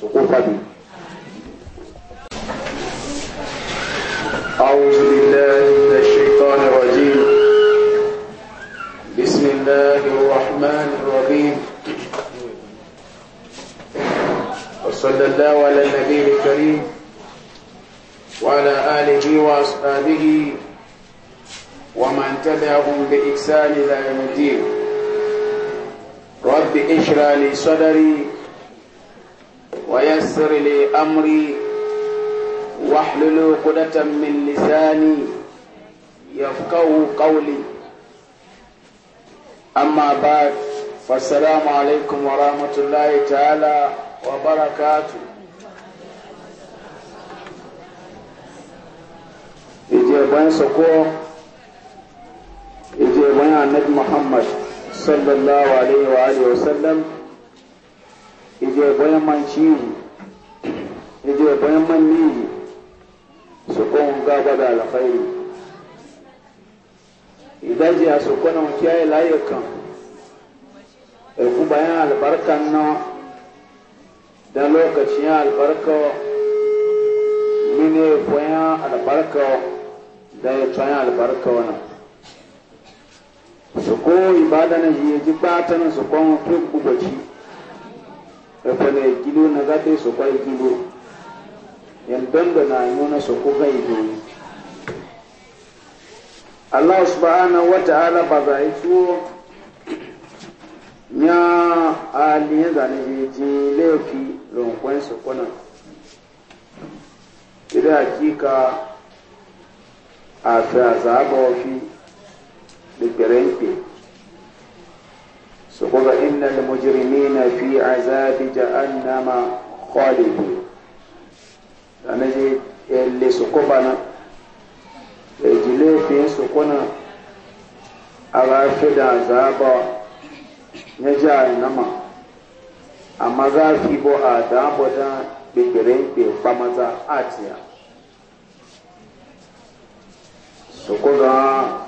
سقوطا أعوذ بالله من الشيطان الرجيم بسم الله الرحمن الرحيم وصلى الله على النبي الكريم وعلى آله وأصحابه ومن تبعهم بإحسان إلى يوم الدين رب اشرح لي صدري ويسر لي أمري واحلل عقدة من لساني يفقه قولي أما بعد فالسلام عليكم ورحمة الله تعالى وبركاته إجابان سكوه إجابان النبي محمد صلى الله عليه وآله وسلم ije boyan man ciji ije boyan man niji su kun gaba da alkhairi idaji a su kuna kiyaye layukan ku bayan albarkan na da lokacin albarka mine boyan albarka da ya tsayan albarka wannan su ko ibada na ji ji bata na su kun fi kubaci ekole ekilu na za ta gata isokwa ekilu yandondo na anyona sokuga idoyi allah subhanahu wa ta'ala baza ituo nya aliye zane jeji lefi lonkwen sokona ida hakika afi azaba wafi da garen سقط إن المجرمين في عذاب جهنم خالدون أنجي اللي سقطنا ejile fi sukuna arafi da azaba na jahannama amma za fi bo a dabo da bibirin ke kwamata atiya su kuma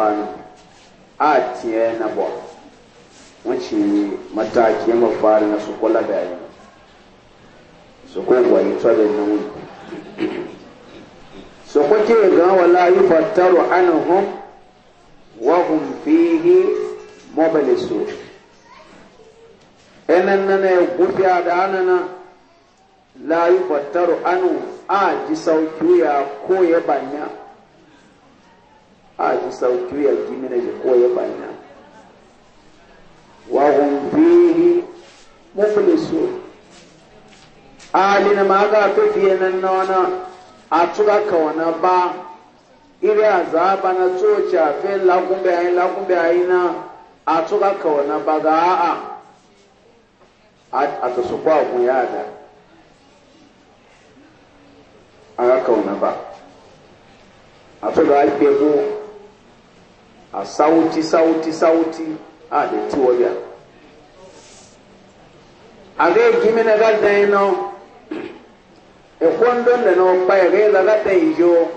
bɔɣa ni a tiɛ na bɔɣa ŋun ci mataki ma faari na so kola daa yi so ko yi tɔbi na ŋun so ko ke gan wala yi fattaru anhum wa hum fihi e nana da anana la yi fattaru anhum a ji sauki ya ko ya banya aji sauti ya jimina jikoye baina wahum fihi muflisu alina maga to fiyana nona atuga kawana ba ile azaba na tsocha fe la kumbe ai la kumbe ai na atuga kawana ba ga a atasukwa kuyada aga kawana ba atuga ai pego Asawuti sawuti sawuti, a da tuwo ya a ga gimi na gadda yi na ikon don da na wakpa ya ga yi da gadda yi jo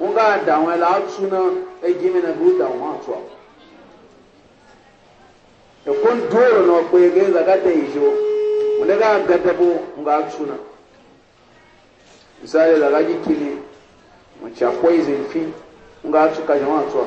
n ga da wani latu na e gimi na bu da wani atuwa ikon doro na wakpa ya ga yi da gadda yi jo wani ga gadda bu n ga tu na misali da gaji kili mace akwai zirfi n ga tu ka jama'a atuwa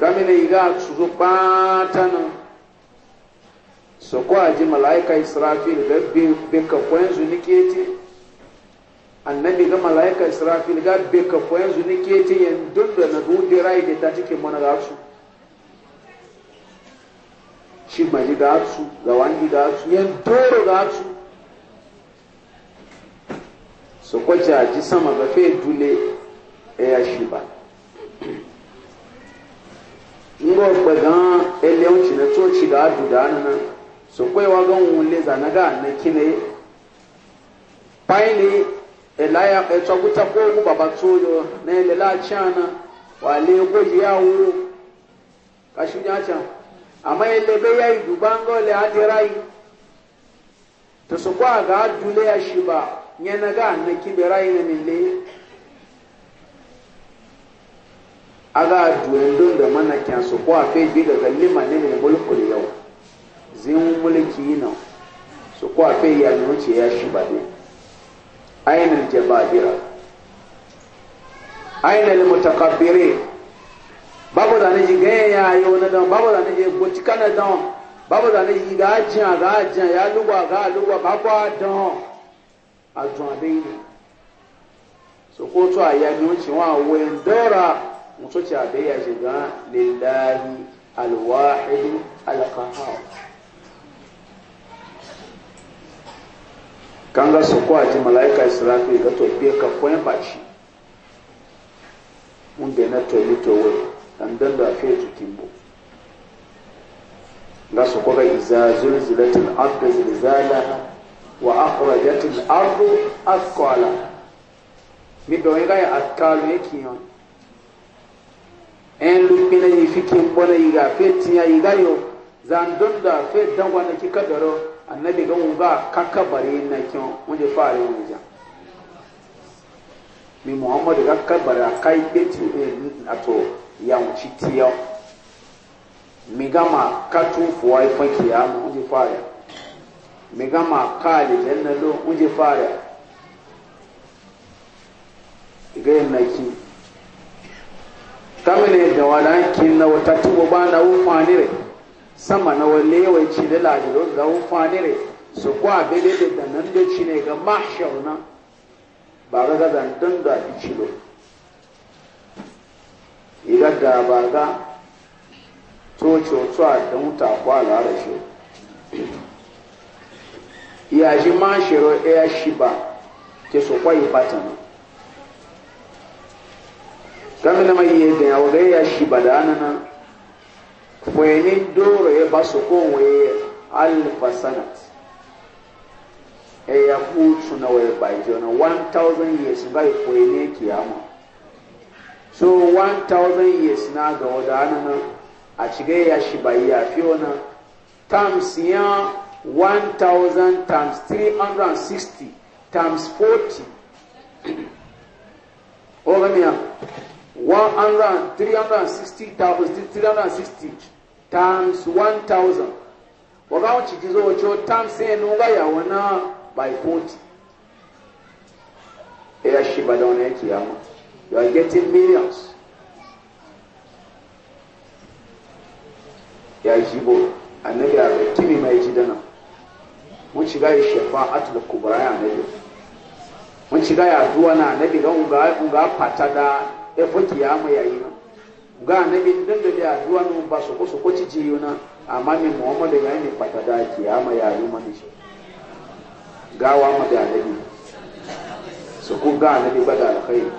kamina iga suzo kpatana so ko aji malaika israfil ga beka ka kwenzu niketi annabi ga malaika israfil ga beka ka kwenzu niketi yan dunda na gudi rai da ta cikin mana ga su shi maji ga su ga wani ga su yan doro ga su so a aji sama ga fe dule e ya shi ba ngo kpagan ele un china to ga duda na so kwe wa ga le za na ga na kine paini elaya e to baba to yo na ele la chana wa le go ya wu ka shi ama ele be ya idubango le adirai to so kwa ga dule ya shiba nyana ga na kiberai na mille aga duwen don da mana kyansu ko a fai bi daga lima ne mai mulkul yau zin mulki na su ko a fai ya nuce ya shi ba ne ainihin jabahira ainihin mutakabbire babu da niji gaya ya yi wani don babu da niji goci na don babu da niji ga ajiya ga ajiya ya lugwa ga lugwa babu a don a zuwa dai ne su ko to a yi nuce wa wayan dora mutu ci abe ya shiga lillahi alwahidu alkahar kan ga su kuwa ji mala'ika israfi ga tobe ka kwen bashi mun bai na tobe towe dan dan da fe jikin bu ga su kuwa iza zulzilatul ardu zilzalaha wa akhrajatul ardu athqalaha mi do ga ya atkalu yake yon en lukpi na yi fikin bona yi ga fe tiya yi ga yo zandun da fe dangwa na ki kadaro annabi ga mu ga kakkabare na kyon wanda fare wuja mi muhammadu ga kakkabare ka kai beti ne a ya wuci tiyo mi gama katu fuwa ya fanki ya mu fare mi gama kali jannalo wanda fare ga yin na ki kamene da walankin na wata tubo ba na wufanire sama na wale yawai ci da laliro ga wufanire su kwa bele da danan da ci ne ga mashauna ba ga ga zantan da ci cilo iga da ba ga tocho tsuwa da muta kwa larashe iya shi mashiro iya shi ba ke so kwa yi batana gami na mai yedda ya waga ya shi na kweni doro ya ba su kowaye alfa sanat ya kutu na waye bai jona 1000 years ya kweni kiyama so 1000 years na ga wadana na a shiga ya shi bai ya fi wani times ya 1000 times 360 times 40 o gami 100, 360, 360 times 1000 wakauchikiza ocho times eno nga yawona by 40 eyashibadaona ekiyama you are getting millions yajibo annabi a kimi mai jidana mun shiga ya shafa'atul kubra ya annabi mun shiga ya na annabi ga unga unga patada ya mu yayi na ga na bi da da addu'a no ba su ko su ko ci jiyo na amma ni muhammadu ya ne fata da mu yayi mani shi gawa ma da nabi su ku ga nabi ba da alkhairi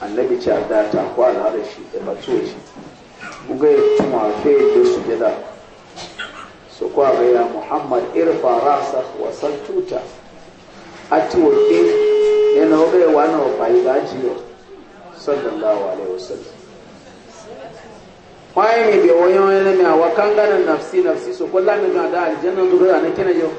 annabi ci da ta ko har shi da batso shi buga ya tuma fe da su jada su kwa ga ya muhammad irfa rasa wa atwo atuwa bai wani wa na fa'i ba jiyo sallallahu alaihi wasallam kwaye mi bi wani wani mi awa ganin nafsi nafsi so ko lami mi ada aljanna duru ana kina yau.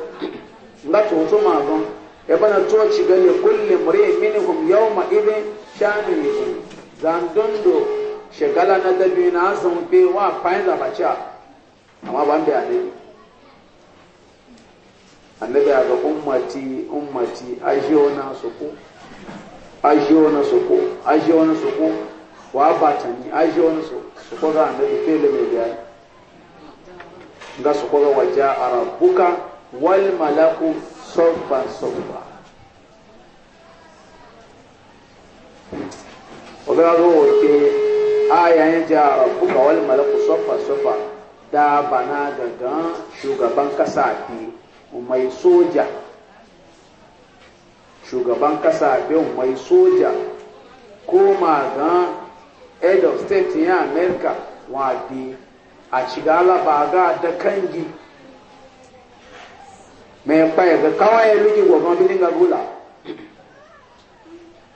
nga to to ma gon e bana to ci gani kulli mri minhum yawma idin shanu yidin zan dondo shekala na dabi na san pe wa fayin da bacha amma ban bi anabi annabi a ga ummati ummati ajiyona soko ajiyona soko ajiyona soko wa batani ajiyona soko ga annabi fele mai biya ga soko ga waja a rabbuka wal malaku sofa sofa oga zo ke ayayen ja a rabbuka wal malaku sofa sofa da bana gagan shugaban kasa biyu mai soja shugaban kasa bin mai soja ko magan head of state ya america wadi a shiga labaga da kangi mai kpai ga kawai lugi gwagwan bilin ga gula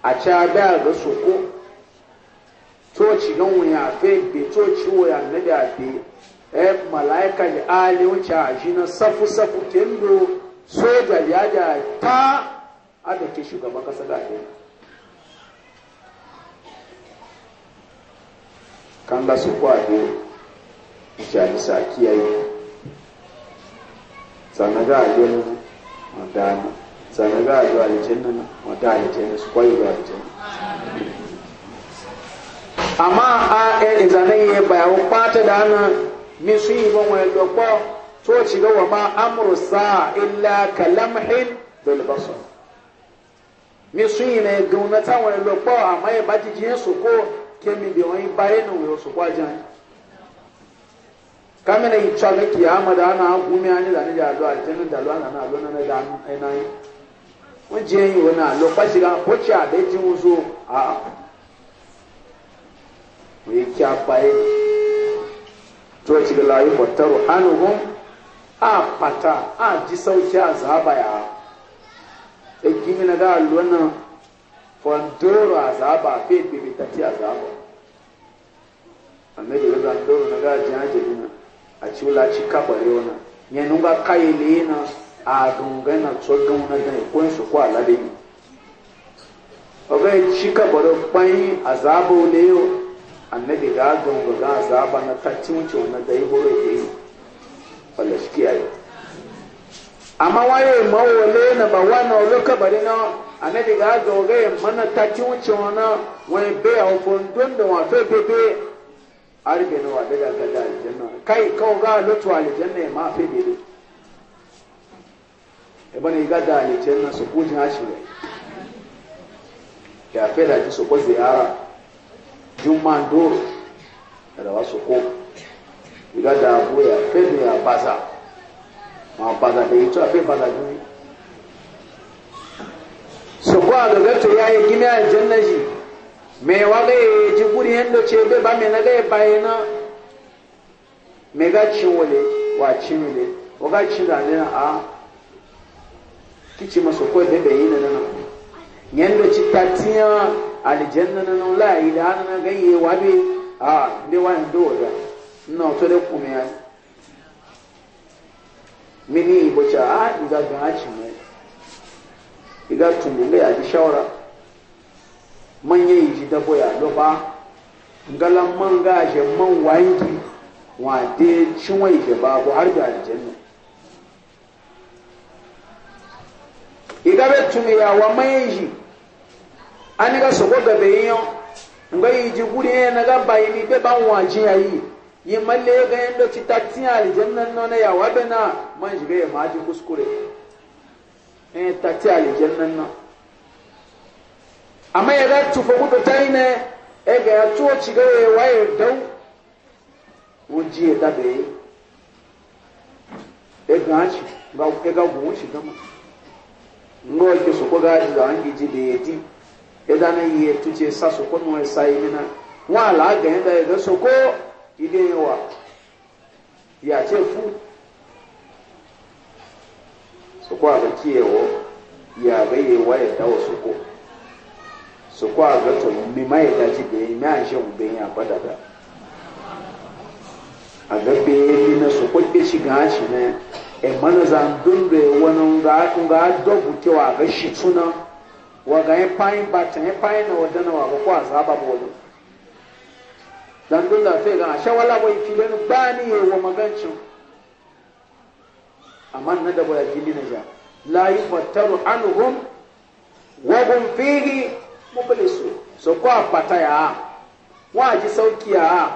a ci abia ga soko toci don wuya fe be coci wuya na da be e malaika ji ali wuce a shi na safu safu kendo soja ya ja ta ada ke shugaban kasa da ke kan da su kwado jani sa kiyaye sanaga ajiyar madani sanaga ajiyar aljanna madani aljanna su kwayo eh, da aljanna amma a ɗaya zanen ya bayan kwata da hannun misu ibo wọn lọ kpọ tó o tìgẹ ma amuru saa ilà kàlámhìn lọlọbọsọ misu na egun na táwọn lọ kpọ àmọ yẹ bá jíjí yẹn sòkó kémi bí wọn bá yẹn nìwé sòkó ajá yẹn kámẹ́nà yìí tó alẹ́ kìí amadu àná agúnmi wọn jẹ wọn kan a wọn to ci ga layu battaru anuhum a fata a ji sauki a zaba ya e gini na ga alwana fondoro a zaba fe bibitati a zaba annabi ya zandoro na ga jihajali na a ci wula ci kabare na yanu ga kayele na a dungana tsogon na da ikon su kwa alade ne ọgá ẹ ci kabare kpanyi a zaba annabi ga gongo ga zaba na tacci wuce wannan da yi horo da yi wala shi kiyaye amma waye mawole na ba wani oluka bari na annabi ga gongo ya mana tacci wuce wannan wani bai a don da wato bebe arbe na wa daga gada aljanna kai kawo ga lutu aljanna ya mafe bebe ibana yi gada aljanna su kujin hashi ne ya fela da ji su kwa ziyara juma ndoro da wasu ko iga da abu ya fe ya baza ma baza da ito a fe baza gini su ko a gaga to ya yi gini a jannan shi me waga ya ji ce bai ba me na ga ya na me ga cin wale wa cin wale wa ga cin da ne a kici masu ko da yi na yanda ci tatiya aljanna na la ilaha na gaye wabe a de wa ndo da no to de kuma ya mini bocha a iga ga ci mai iga tumu ga ji shawara manye yi da boya lo ba ngalan man ga je man wangi wa de cinwa je babu har da aljanna iga be tumu ya wa manye yi ani ka sogo gabe yiyan nga yi ji guri yɛn na ka ba yi ni bɛɛ b'an wɔn aji ayi yi ma lee ka yɛn dɔ ti ta ti na ya wa na man zi ka yɛ ma ji kuskure ɛn e, ta ti alijanna nɔ tu yi nɛ ɛ e ya yɛ ci ka yɛ wa yɛ dɔw e ji da ci ji an k'i ji de ẹ̀dá náà yìí ẹ̀tú ti sá sọ́kọ́ nù ẹ̀sá yìí nínà wọn àlà àgẹ̀yìn dá ẹ̀dá sọ́kọ́ ilé yẹn wà yàtí ẹ̀fú sọ́kọ́ àbẹ̀kí yẹ wọ́ yà àbẹ̀ yẹ wá ẹ̀dá wọ̀ sọ́kọ́ sọ́kọ́ àbẹ̀tọ̀ mímá ẹ̀dá ti bẹ̀yìn mí àṣẹ òun bẹ̀yìn àbádàdà àgbẹ̀gbẹ̀ nínà sọ́kọ́ ẹ̀ṣì gan àṣì náà ẹ̀mọ́nà zàndó ń bẹ̀ wọnà ń gà á dọ̀bù tẹ́wọ̀ àbẹ̀ ṣì shi náà. waga yi fayin ba can yi fayin na wadda na waga ko a ba bolo. dan dun da fe ga a shawala bai filin ba ni ya wa magancin amma na da boya gili na ja la yufattaru anhum wa hum fili mublisu so ko apata ya wa ji sauki ya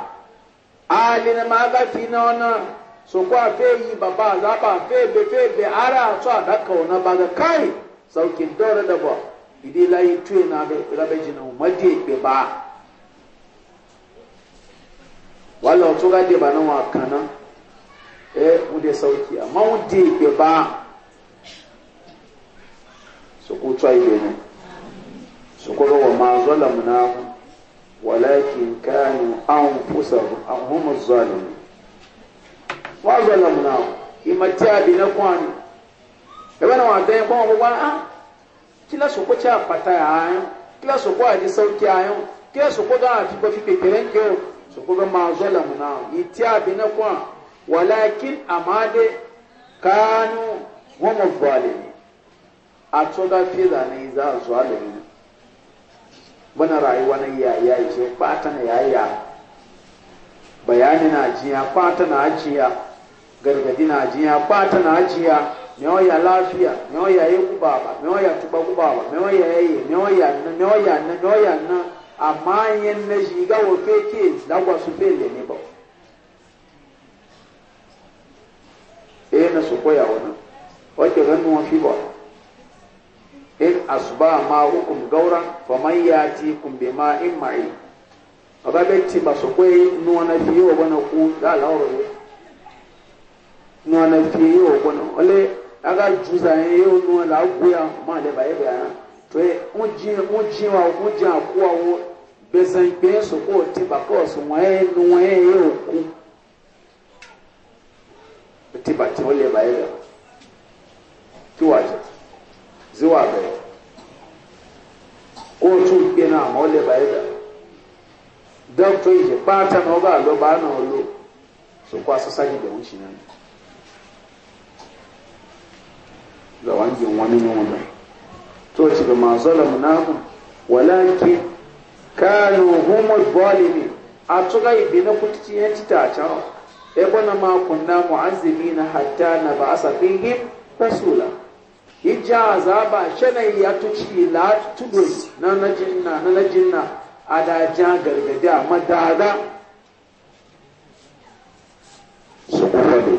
ali na maga fi na ona so ko afe yi baba azaba fe be fe be ara so adaka ona baga kai sauki dole da boya ìdí láyé tó yẹn náà rábẹ́jì náà wọ́n di bá a wà lọ tó ká bá náà wọn kàn náà di bá a sọkò tó ayé yẹn sọkò lọ́wọ́ máa zọ́là mu náà wàláàkì káàní àwọn fúsàrù àwọn ọmọ zọ́ọ̀lù mu náà ẹ náà kọ́ gbogbo kila soko cha pataya ayo kila soko aji sauki ayo kila soko ga ati ko fi peperen ke soko ga mazola muna itia bina kwa walakin amade kanu wa muzalimi atoda fida ne za zalimi bana rayuwa na yaya ce kwata na yaya bayani na jiya kwata na ajiya gargadi na jiya kwata na ajiya meoya lafiya meoya ekubaba ya tuba kubaba meoya eye meoya na meoya na meoya na amma yen na jiga wo feke lagwa su fele ba eh na su koya wana wace fi ba in asuba ma hukum gaura fa man kumbe ma in ma'i aba betti ba su koyi nuwa na fiye wa bana ku da lauro nuwa na ole aga juza ye ye nu la guya ma le ba ye ba ya to ye un ji un wa un ji a ku awo be san pe so ko ti ba ko so mo ye nu ye ye o ku ti ba ti o le ba ye ba ti wa je zi wa be ko tu pe na mo le ba ye ba doctor yi je pata na o ba lo ba na o lo so ko asasa ji be un chi na ni ga wangin wani nuna to ci ga masu lamunakun walakin Kano humul ne. a tuga ibi na kuci ya ci ta can ebe na makunna na hatta na ba a safi him rasula za ba shanayi ya tuci la na najinna na najinna a daja gargadi a madada su kuma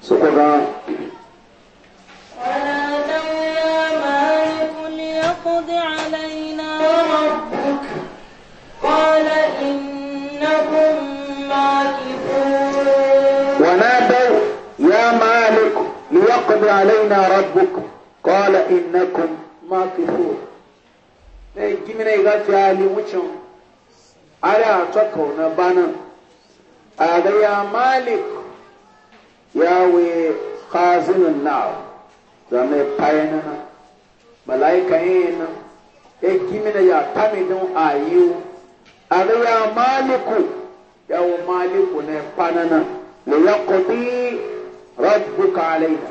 su kuma يقضي علينا ربك قال إنكم ماكثون gimina iga fi ali wucin ala atwako na bana aga ya malik yawe khazinin na zame payana na malaika yana e gimina ya tamidin ayiwu aga ya maliku yawo maliku na panana la yaqdi rabbuka alaina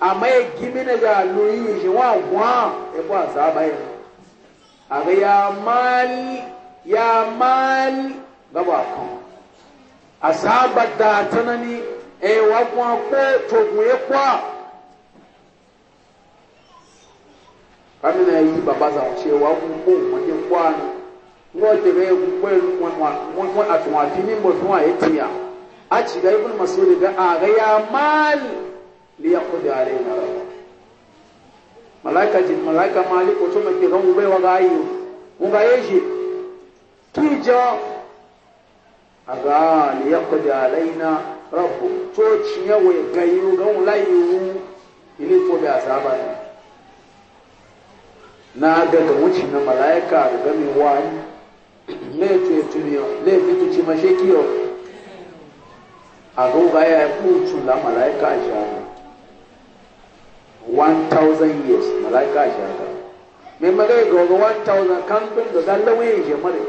amma ya gimi na ga loyi shi wa gwa ya kwa saba ya aga ya mal ya mal gaba kan asaba da tanani e wa gwa ko to gwe kwa kami na yi baba za ce wa ku ko wani kwa ni ngo te be ku ko wani wani atuma tini mo tuwa etiya a ci ga ibn masudi ga aga ya mal liyaqdi na rabbuk malaika jin malaika malik to ma ran ube wa gayu mun ga yeji ki aga liyakudu liyaqdi na rabbuk to cinya we gayu ga layu ile to da azaba ne na ga ga wuci na malaika ga mi wani ne to tuniyo ne fitu ci mashekiyo a ga ga ya ku la malaika jana 1000 years malaika shi haka me mare ga ga 1000 kantun da dallawe je mare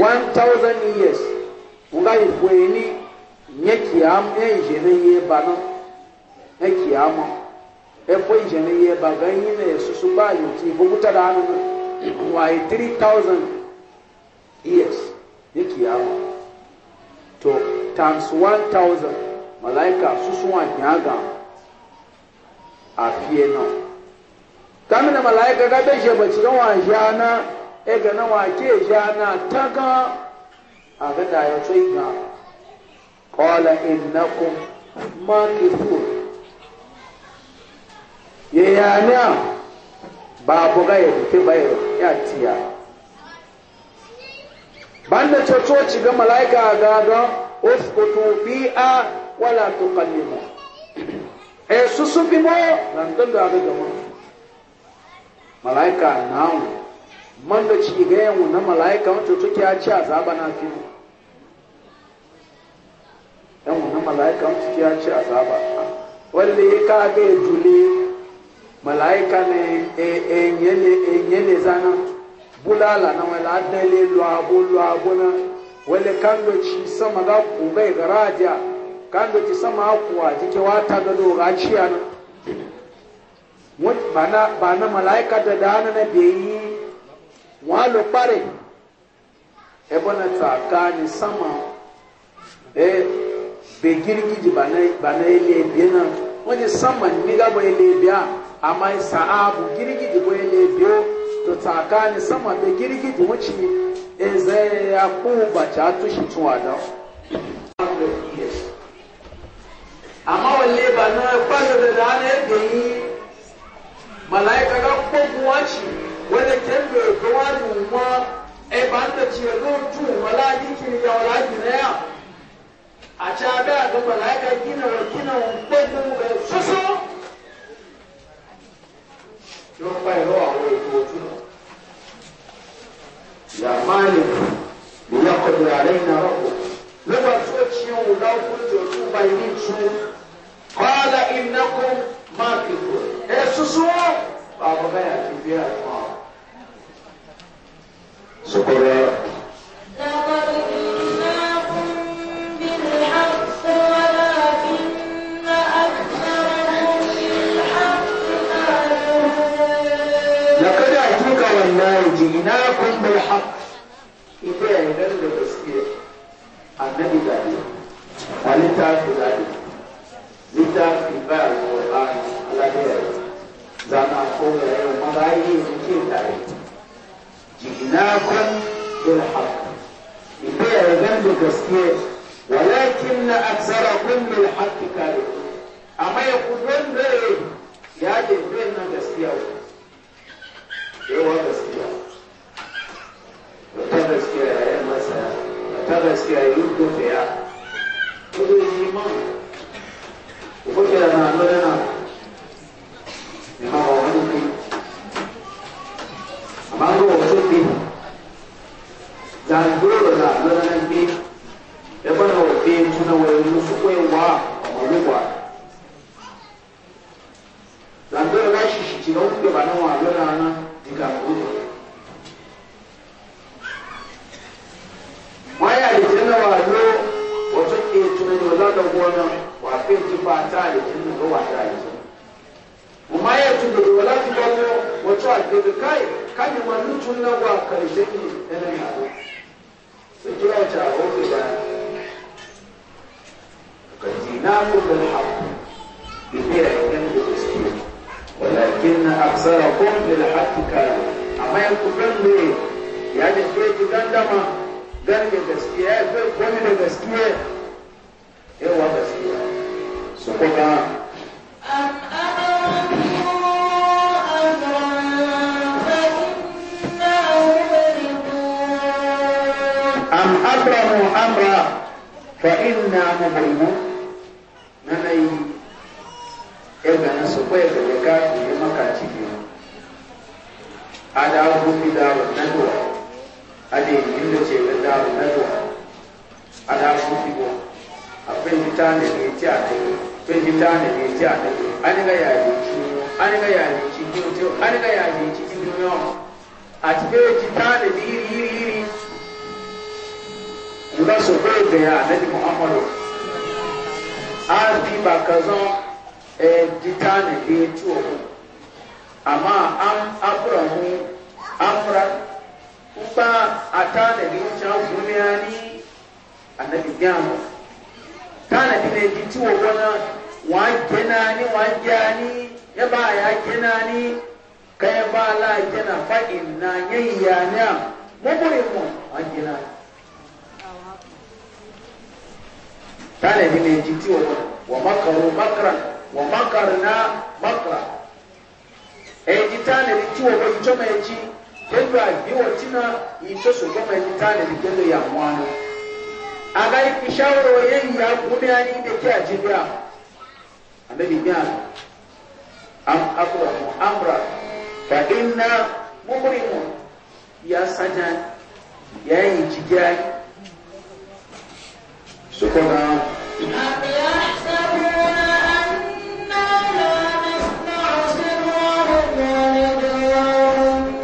1000 years uga ifweni nyeki am enje ne ye ya nyeki am efo enje ne ye baga na ne susu ba yi ti buguta da kuma yi 3000 years ya kiyama to times 1000 malaika susu wa nyaga afie no kamina malaika ga bai shaba ci wa jana e ga na wa ke ga a ga da yo sai ga qala innakum makithun ye ba babu ga ya fi bayo ya tiya banda cococi ga malaika ga ga uskutu a. wala tó kalẹ̀ mọ́ ẹ̀ soso bí wọ́ làǹdọ́dọ̀ àdọ́dọ̀mọ́ malaika náà man da ci ga yin na malaika wancan suke ya ci azaba na fi yan na malaika wancan suke ya ci azaba wanda ya ka ga ya tule malaika ne enye ne zana bulala na wani adale lu'abu lu'abu na wani kan da ci sama ga kogai garaja kan da ci sama kuwa cike wata da dora ciya na ba na malaika da dana na beyi walo pare ebe na tsakani sama e be girgiji ba e na ile biya na wani sama ni gaba ile e biya amma e sa'abu girgiji ko ile biyo to tsakani sama be girgiji wuce e zai ya ko ba ta tuwa da amma walle ba na kwallo da dana yadda yi malaika ga kokowa ce wanda ke bai kowa numa ai ba ta ce rutu wala yikin ya wala ginaya a ca da ga malaika gina wa gina wa kokowa ga soso yóò pa ìlú àwọn ètò ojú náà. Yàmáàlì ìyá ọ̀dọ̀ àlẹ́ ìnáwó. Lọ́gbà tó ti ń wù láwùjọ tó bá ilé tún. قال إنكم ماكثون إيه سسوا بابا يا كبير jina ni kai ba la jina fa inna yayyana mubrimu ajina tale ni meji ti o wa makaru makran wa makarna makra eji tale ni ti o ko ijo meji kendo agbiwo tina ijo so jo meji tale ni kendo ya mwanu aga ikishauro yeyi ya kuni ani de ki ajibiya annabi biya أم أبرموا أمرا فإنا مبرمون يا سجان يا إنجيجاي شكرا أم يحسبون أنا لا نسمع سرهم لديهم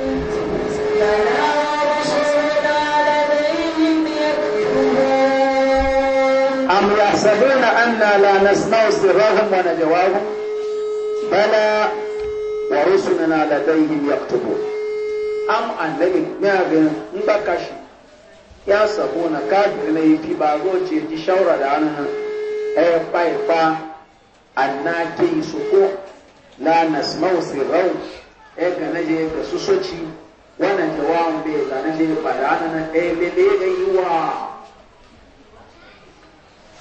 أم يحسبون أنا لا نسمع سرهم ونجواهم bala wa rusuluna ladaihim yaktubu am annabi nyaga mba kashi ya sabo na kafir na yafi ba goce ji shawara da hannun eh fa fa annake su ko la nasmau sirrau eh ga naje ga susoci wannan jawabin bai ga naje ba da hannun eh bebe ga yiwa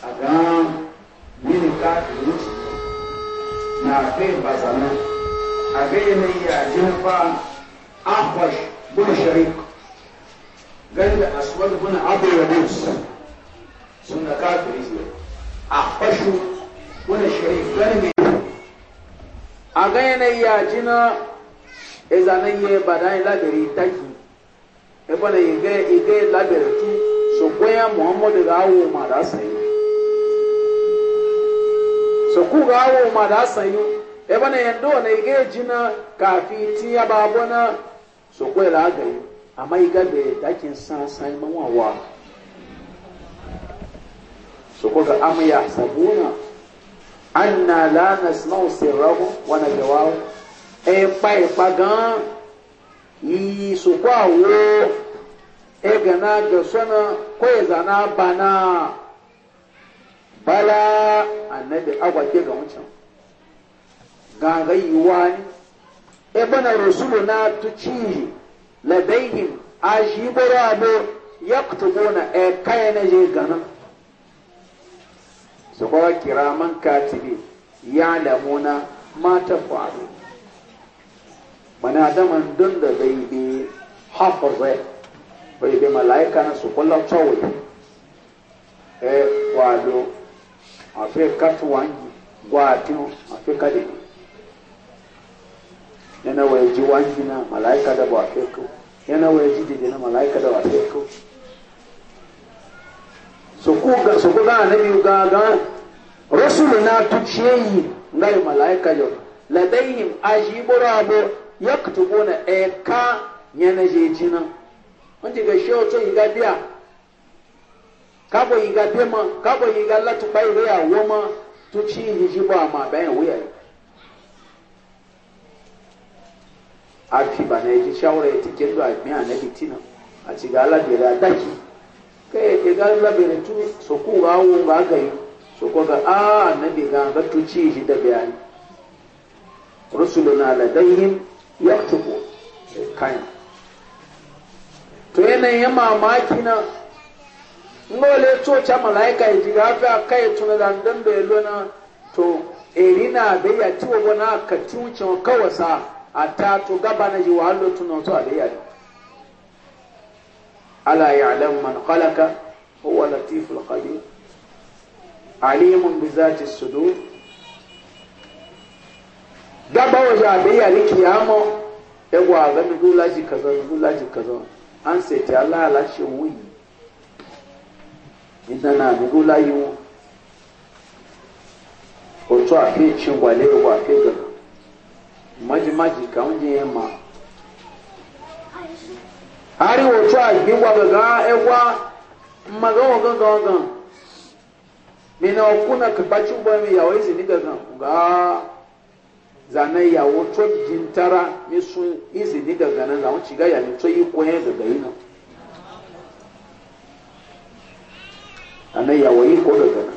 a ga mini kafir na kai bazana a gayyana yajin fa ahwash bin sharik gani da aswad bin abu da kafin kafiri a ahwashu bin sharik gani ne a gayyana yajina e izanen da yi labiri taki ebana ige ige labiri su so goya muhammadu rawo ma da sayi so ku ga awo ma da sanyu e bana yando na ige jina kafi ti ya babo na so ko la ga yi amma iga be dakin san san man wawa so ko ga am ya sabuna anna la nasma'u sirrahu wa najawahu e pa e pa gan yi so ko awo e ga na ga sona ko e za na bana bala annabi agwake ga wancan gangayi wani ta e, rasulu na tuci ladaihim a shi burabo ya kutubuna e kaya na je gana su kowa kira man katibi ya lamuna mata faru mana daman don da zai bi hafazai bai bi mala'ika na su kullum tsawai e kwado afe kato katu gwa gwatu afe kade yana waye ji na malaika da ba afe ko yana waye ji na malaika da ba afe ko so ku ga so ku ga annabi ga ga rasuluna tuciyeyi ngai malaika yo ladaihim ajiburabu yaktubuna eka yana jejina wanda ga shi wato iga biya kabo yiga pema kabo yiga latu pai rea woma tu chi yijibo ama ben wea afi bana yi shawara ti kendo a mi anabi tina a ci ga Allah bere adaki kai ke ga Allah bere tu so ku ga wo ga ga yi so ko ga a annabi ga ga tu ci shi da bayani rusuluna ladayhim yaktubu kai to yana yamma na. ngole e e e to cha malaika ya ijiga a kai tuna dan dan da lona to erina da ya ci wo na ka cuce kawasa ta to gaba na ji wallo tuno to abe ya ala ya'lam man khalaqa huwa latiful qadir alimun bi zati sudur gaba wa ja be ya likiyamo egwa ga dulaji kaza dulaji kaza an sai ta Allah la shi wuyi idan na nugu layi wo otu afi ci gwale wa afi gaga maji maji ka n yi ma hari otu a agbi wa gaga ewa mmaga wa gaga gaga mina ọkụ na kapachi ụgbọ mi yawo ezi ni gaga ga zana otu to jintara mi sun izi ni gaga na zawon ciga ya ni to yi gaga yi na ana yawo yi ko daga nan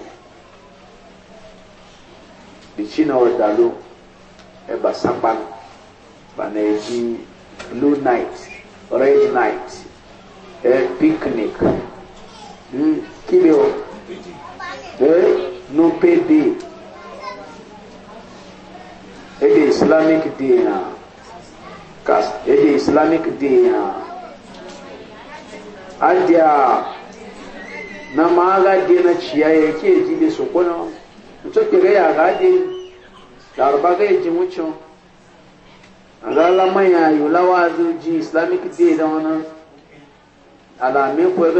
di ci na wadalo e ba ba na e blue night red night e picnic mm, e no pay day e de islamic day na kas e de islamic day na adia na maga de na ciya ya ke ji bi so kono to ke ga ya ga de darba ga ji mucho ala la maya yo la wa zu ji islamic day da wannan ala me ko a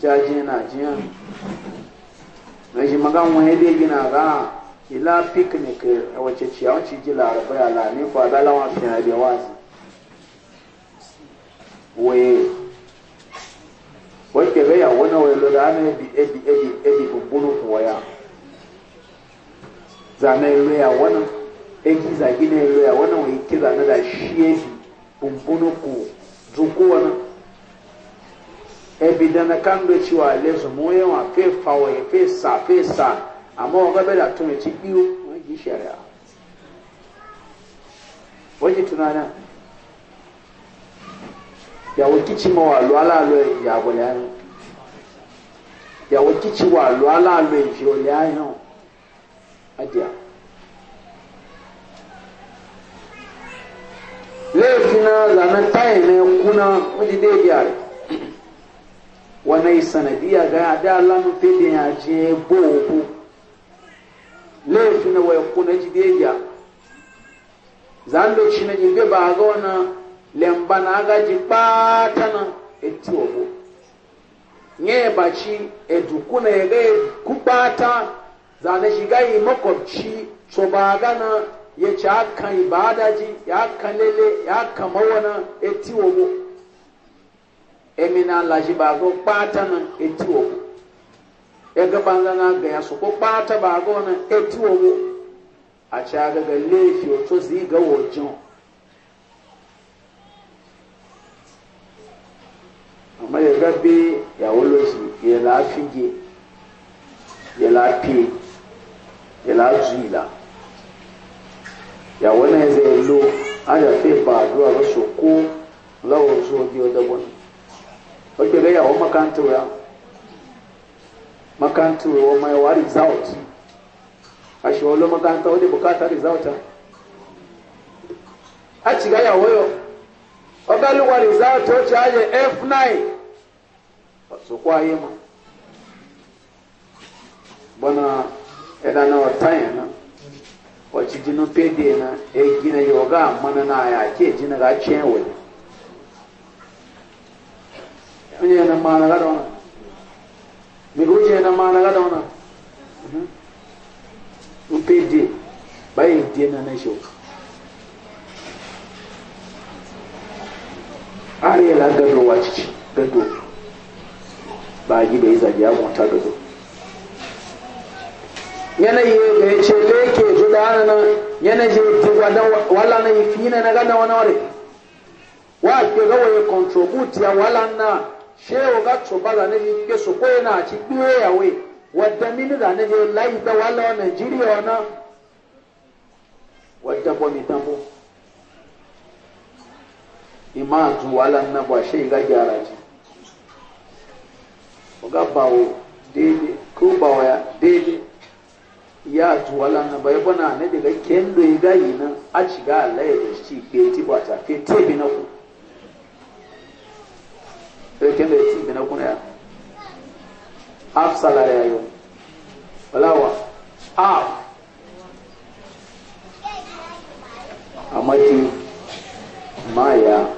ta ji na jiya na ji magan wani da gina ga ila picnic a wace ciya wace ji laraba ala lami ko ga lawan fiye da wazi waye kẹfẹ yàwó náà fa e yàwó kíkì wà lọ aláàlọ èyí ọ̀lẹ́ àyàn adìyà. lẹ́ẹ̀fin náà lànà táyì náà kú náà wọ́n ti dé ìdí àrẹ. wọn náà ìsànàdí àgá adá ala fèdè àjẹ bó òkú lẹ́ẹ̀fin náà wọ́n kú náà na lemba na gaji ɓata nan eti nye bachi eduku na ege kubata zane shiga yi makwabci tsobaga na ya ci aka ibada ji ya aka lele ya aka mawana eti ogo emina laji ba go kpata na eti ogo ega banga na ga ya soko kpata ba go na eti ogo a ci aga ga lefi oto zi ga wajen àmọ́ yẹn rabe bí ìyàwó ló sì yẹn là á fìgè yẹn là á pè yẹn là á zu ìlà ìyàwó náà yẹn zẹ́yìn ló ayọ̀fẹ́ ìbà àdúrà lọ́sọ̀ kó láwọn oṣù ọdí ọdọ́gbọ́n ó gbẹ̀rẹ̀ ìyàwó mọ́kántìrì á mọ́kántìrì ọmọ ọ̀tálùwà result ó ṣáàyè f9 ọ̀sùnkú ayé mọ̀ bọ́nà ẹ̀dá náà ọ̀tá yẹn náà ọ̀chí dínú pédè náà èyí náà yóò gá àmọ́nà náà àyà àti èjì náà gá tiẹ̀ wẹ̀ ẹ̀mí yẹn náà máa nàgádọ̀ náà mìgúnjẹ yẹn ariyala gado wacici gado ya ɓe isadia monta gado yana ye ɓe celle kejo wala na na gada wa ya wala na shewo ga tsobaga na je ke so ci wadda mini da layi da wala wa nigeria wana wadda bomi ima tun wala na ba shi ga gyara ce ga bawo daidai ko bawa ya daidai ya tu wala na bai bana ne daga kendo ya gayi nan a ci ga Allah ya da shi ke ti ba ta ke bi na ku sai e kendo ya tebi na ku na ya afsala ya yo walawa af amma ti ma ya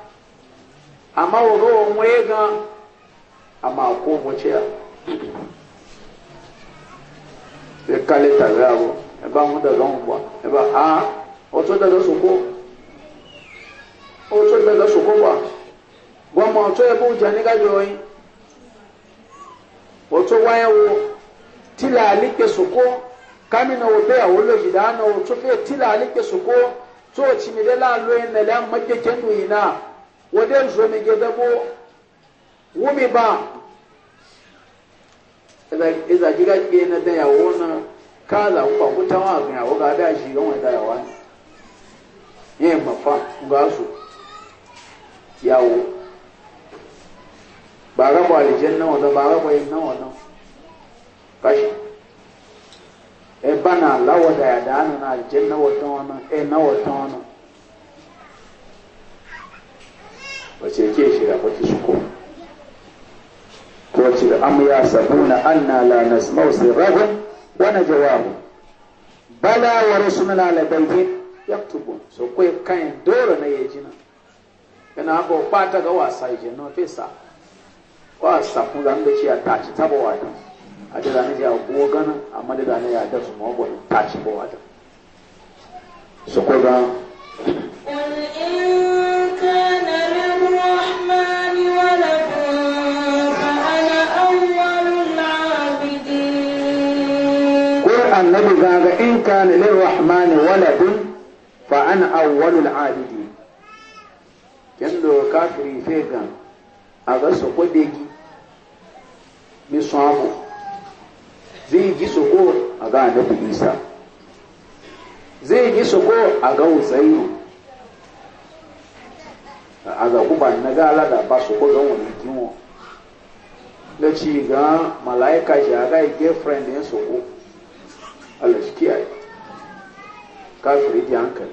ama wòrò onwe gan ama kó mọ̀tsẹ́ à ẹ kálí tàbí àbọ̀ ẹ bá wọn dàgbà wọn bọ̀ a gbọmọ ọtún ẹ bó jẹ nígbàjọ yín ọtún wáyé wo tílà àlíkè sòkó kámínà òbẹ àwọn olóyìnbá náà ọtún fẹ tílà àlíkè sòkó na. wadda zomi gedabo wumi ba iza jiga ke na da yawo kala ku kuta wa ga yawo da shi ga wanda yawo ne mafa ga su yawo ba ga e ba na ba ga yin na wanda kashi e bana lawa da ya da na na wata wannan e na wacyekeshera bakisuko kubagira am an na la nasmau sirrahum wa najawahum bala wa rasuluna ala ya yaktubun so kwe kan doro na jina kana abo pata ga wasa je na pesa wasa kun zan da ciya ta ci tabo wata a da zan ji abuwa gana amma da zane ya da su mawa ta ci bo wata so ko ga annabi gaga in kana lirrahmani waladun fa ana awwalul abidi kendo kafiri fe gan aga so ko begi mi so zai ji so ko ga annabi isa zai ji so ko aga a ga kuba na gala da ba so ko gan wani kiwo da ci ga malaika ji aga girlfriend ne so ko Allah shi kiyaye kafiri ji hankali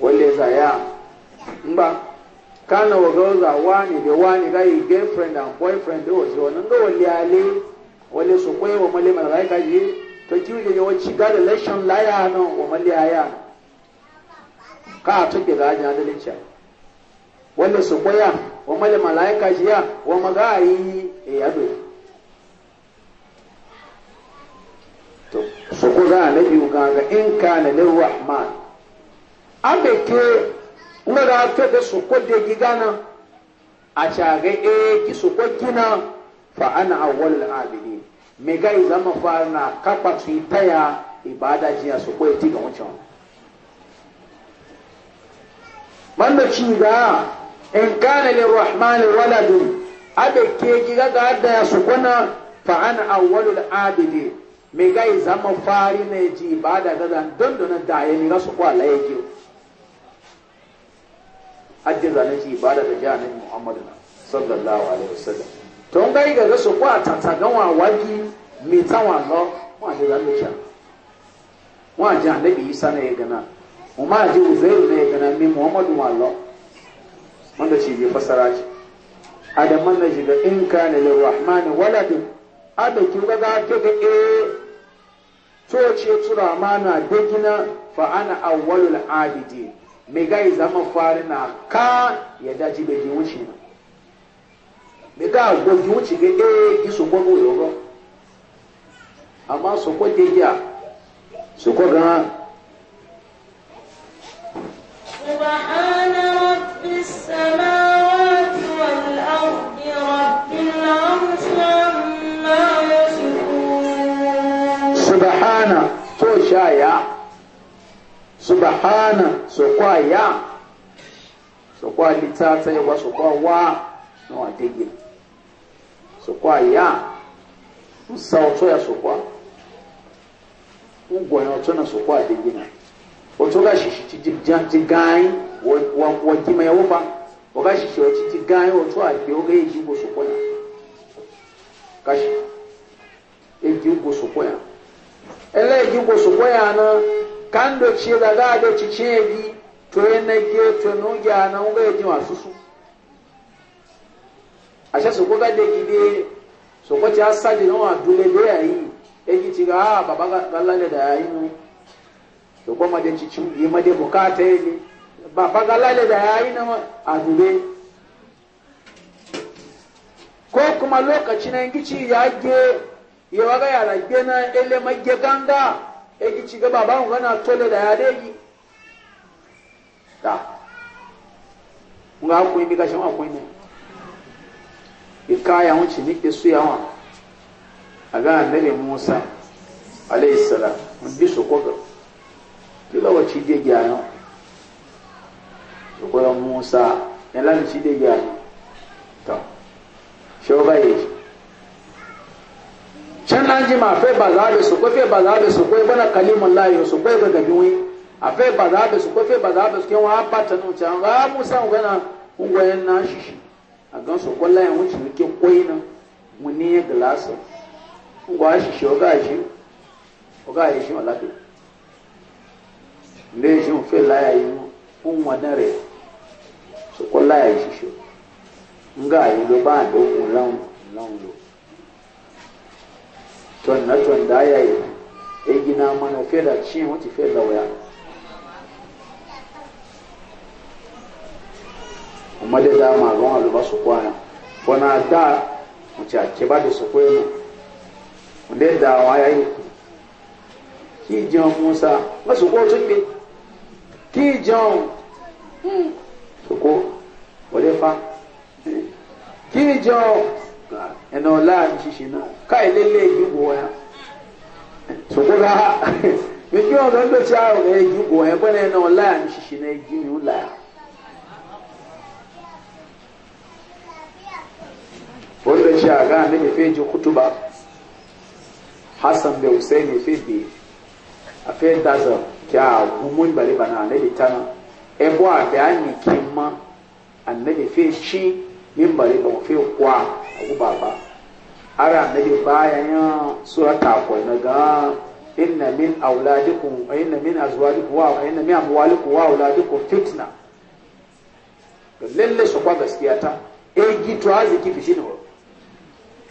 wanda ya zaya in ba kana wa ne wani da wani ga yi girlfriend and boyfriend da wasu wani ga wani ale wani su kwaye wa mali mai raika ji to kiwu da yawanci ga da lashin laya nan wa mali haya ka a tuke da ajiyar adalci wanda su kwaya wa raika ji ya wa magayi e eh, yado na biyu ganga in kana lirrahman abeke ngada to da soko de gigana a shaga e ki ko gina fa ana awwal al-abidin me ga zama fara na kafa su taya ibada ji su soko ti ga wancan banda ci ga in kana rahman waladu abe ke gigaga da ko na fa ana awwal al-abidin me ga zama fari na ji ibada da dan don na da ya mira su kwa la yake hajji zanen ji ibada da jihar nabi na sallallahu alaihi wasallam to n ga iga ga su kwa tatagan wa wagi mai tawa lọ wọn àti zanen kya wọn àti anabi isa na ya gana wọn ma àti uzairu na ya gana mi muhammadu wa lọ wanda ci bi fasara ci adaman na shiga in kana lirrahmani waladin ada ki ga ga ke ga eh soce tura mana dagina fa ana awwalul abidi me gai zama fari na ka ya daji bai wuce na me ga gogi wuce ga e eh, ki so ko yoro amma so ko ke ya so ko ga subhana rabbis samaa sha ya subhana sokwa ya sokwa litata yawa sokwa wa na wadege sokwa ya nsa ọtọ ya sokwa ngwọ ya ọtọ na sokwa adege na ọtọ ga shishi ti ganyi wa kima ya wufa ọga shishi ọtọ ti ganyi ọtọ adege oge eji ugbo sokwa ya kashi eji ugbo sokwa ya ele gi gosu goya na kando ci da ga da ci ce gi na un ga ji masu su ashe su ko ga de gi de so ko ci asa di no adule de ayi e gi ah, baba ga da ya no to ma de ci ci yi bukata yi baba ga Allah ne da na adule ko kuma lokaci na ya ge ye waga yala gbe na ele ma gbe ganda egi ci gaba ba ngana tole da yade yi ta nga ko mi ga shama ko ni ika ya wuce ni ke su yawa aga annabi Musa alayhi salam mun bi su ga kila wace de gyano ko Musa ya lalace de gyano ta shobaye shi can an ji ma fai ba za da su ko ba za da su ko bana kalimun lahi su ko ga gabi wai a fai ba za da su ko ba za da su ke ba ta nuce an ah, na shi a gan su ko lahi wuce ne ke koyi na mu ne glasa ngwa shi shi ga shi ga yi shi wala ke shi fai lahi yi un wadare su ko lahi shi shi nga yi lo ba do kun lawo lawo ton na ton da ya yi ya gina mana fiye da ci wuce fiye da waya amma da dama ruwan aluba su kwana wana da wuce a ke ba da su kwenu wanda ya dawa ya yi ki jan musa masu ko tun bi ki jan su ko wale fa ki jan ẹnna ọlá àṣìṣe náà káyé lélẹ̀ èyí wò ẹ́ sọ̀kúrà méjì ọ̀dọ́ ló ti àwọn èyí wò ẹ́ bọ́lá ẹnna ọlá àṣìṣe náà èyí mi ò là á. wanda shi a ga annabi fe ji kutuba hassan da husaini fe bi a fe daza kya gumun bari bana annabi tana ebo a bayani kimma annabi fe shi mimbari ba fi kwa abu baba ara bi baya ya sura ta na ga inna min auladikum wa inna min azwajikum wa inna min amwalikum wa auladikum fitna lalle su kwa gaskiya ta e gito aziki fishin ho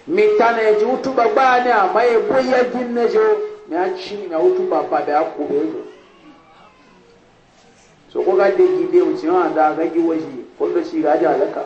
mi mitana ya ji hutu ba ne amma ya e boya din na jo mi a ci na hutu ba da ya ko bego so ko ga de gide mu ci wa da ga gi waji ko da shi ga ja laka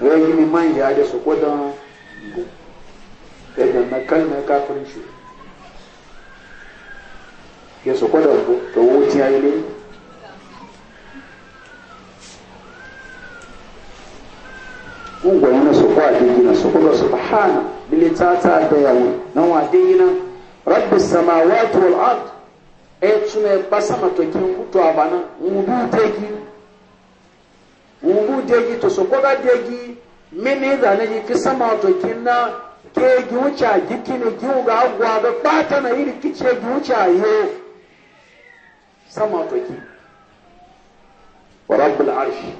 wai gini man ya da su kodan daga na kalmar na ya su kodan bu to wuce ya yi ne ungwayi na su kwa su kuma su bahana bilita ta da yawon nan wa dingina rabbi samawati wal ard e tuna ba to kin hutu abana mu bi wungu degi to sokoga degi mini zane yi fi sama to kinna ke giwuce gikini giwu ga agwa ga bata na iri kice giwuce yo sama to ki wa rabbul arshi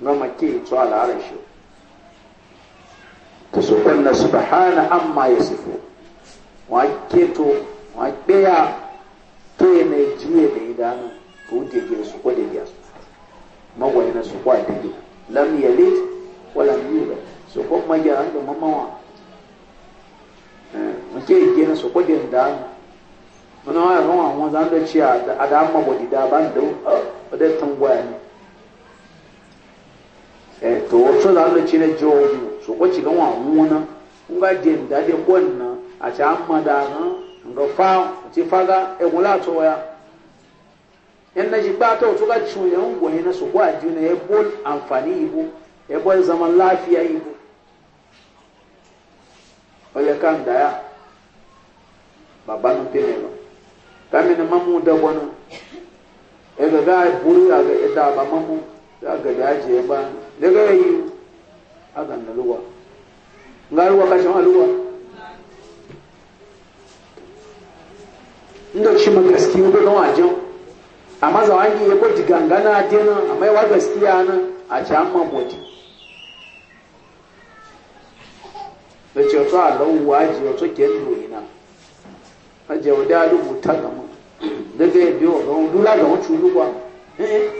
na make to al arshi to sokanna subhana amma yasifu wa keto wa beya to ne jiye da idanu ko dege su ko dege su magwai na su kwa dage lam yalid wa lam yulad su ko magya da mamawa muke yake na su ko gen da muna wa ran wa mun zan da ci a da amma bodi da ban da ah, da tangwaya ne eh to so zan da ci na jowu su ko ci ga wa muna kun ga je da de gonna a ci amma da ga fa ci faga e wala to ya yan na shi bata wasu ga cuyan goyi na su kwa juna ya bol amfani ibu ya bol zaman lafiya ibu oye kan daya babban pene ba kami na mamu da wani ya ga ga buru ya ga ita ba mamu ya ga da ajiye ba daga yi a ga na luwa ga luwa kashin aluwa inda shi ma gaskiya ga wajen amma zaman yi ya kwaji gangana dina amma yawa gaskiya na a ci an mamoti da ce wato allahu waji wato kyan doyina a jawo da rubuta ga mu da zai biyo ga mu dula ga wacce lugwa eh,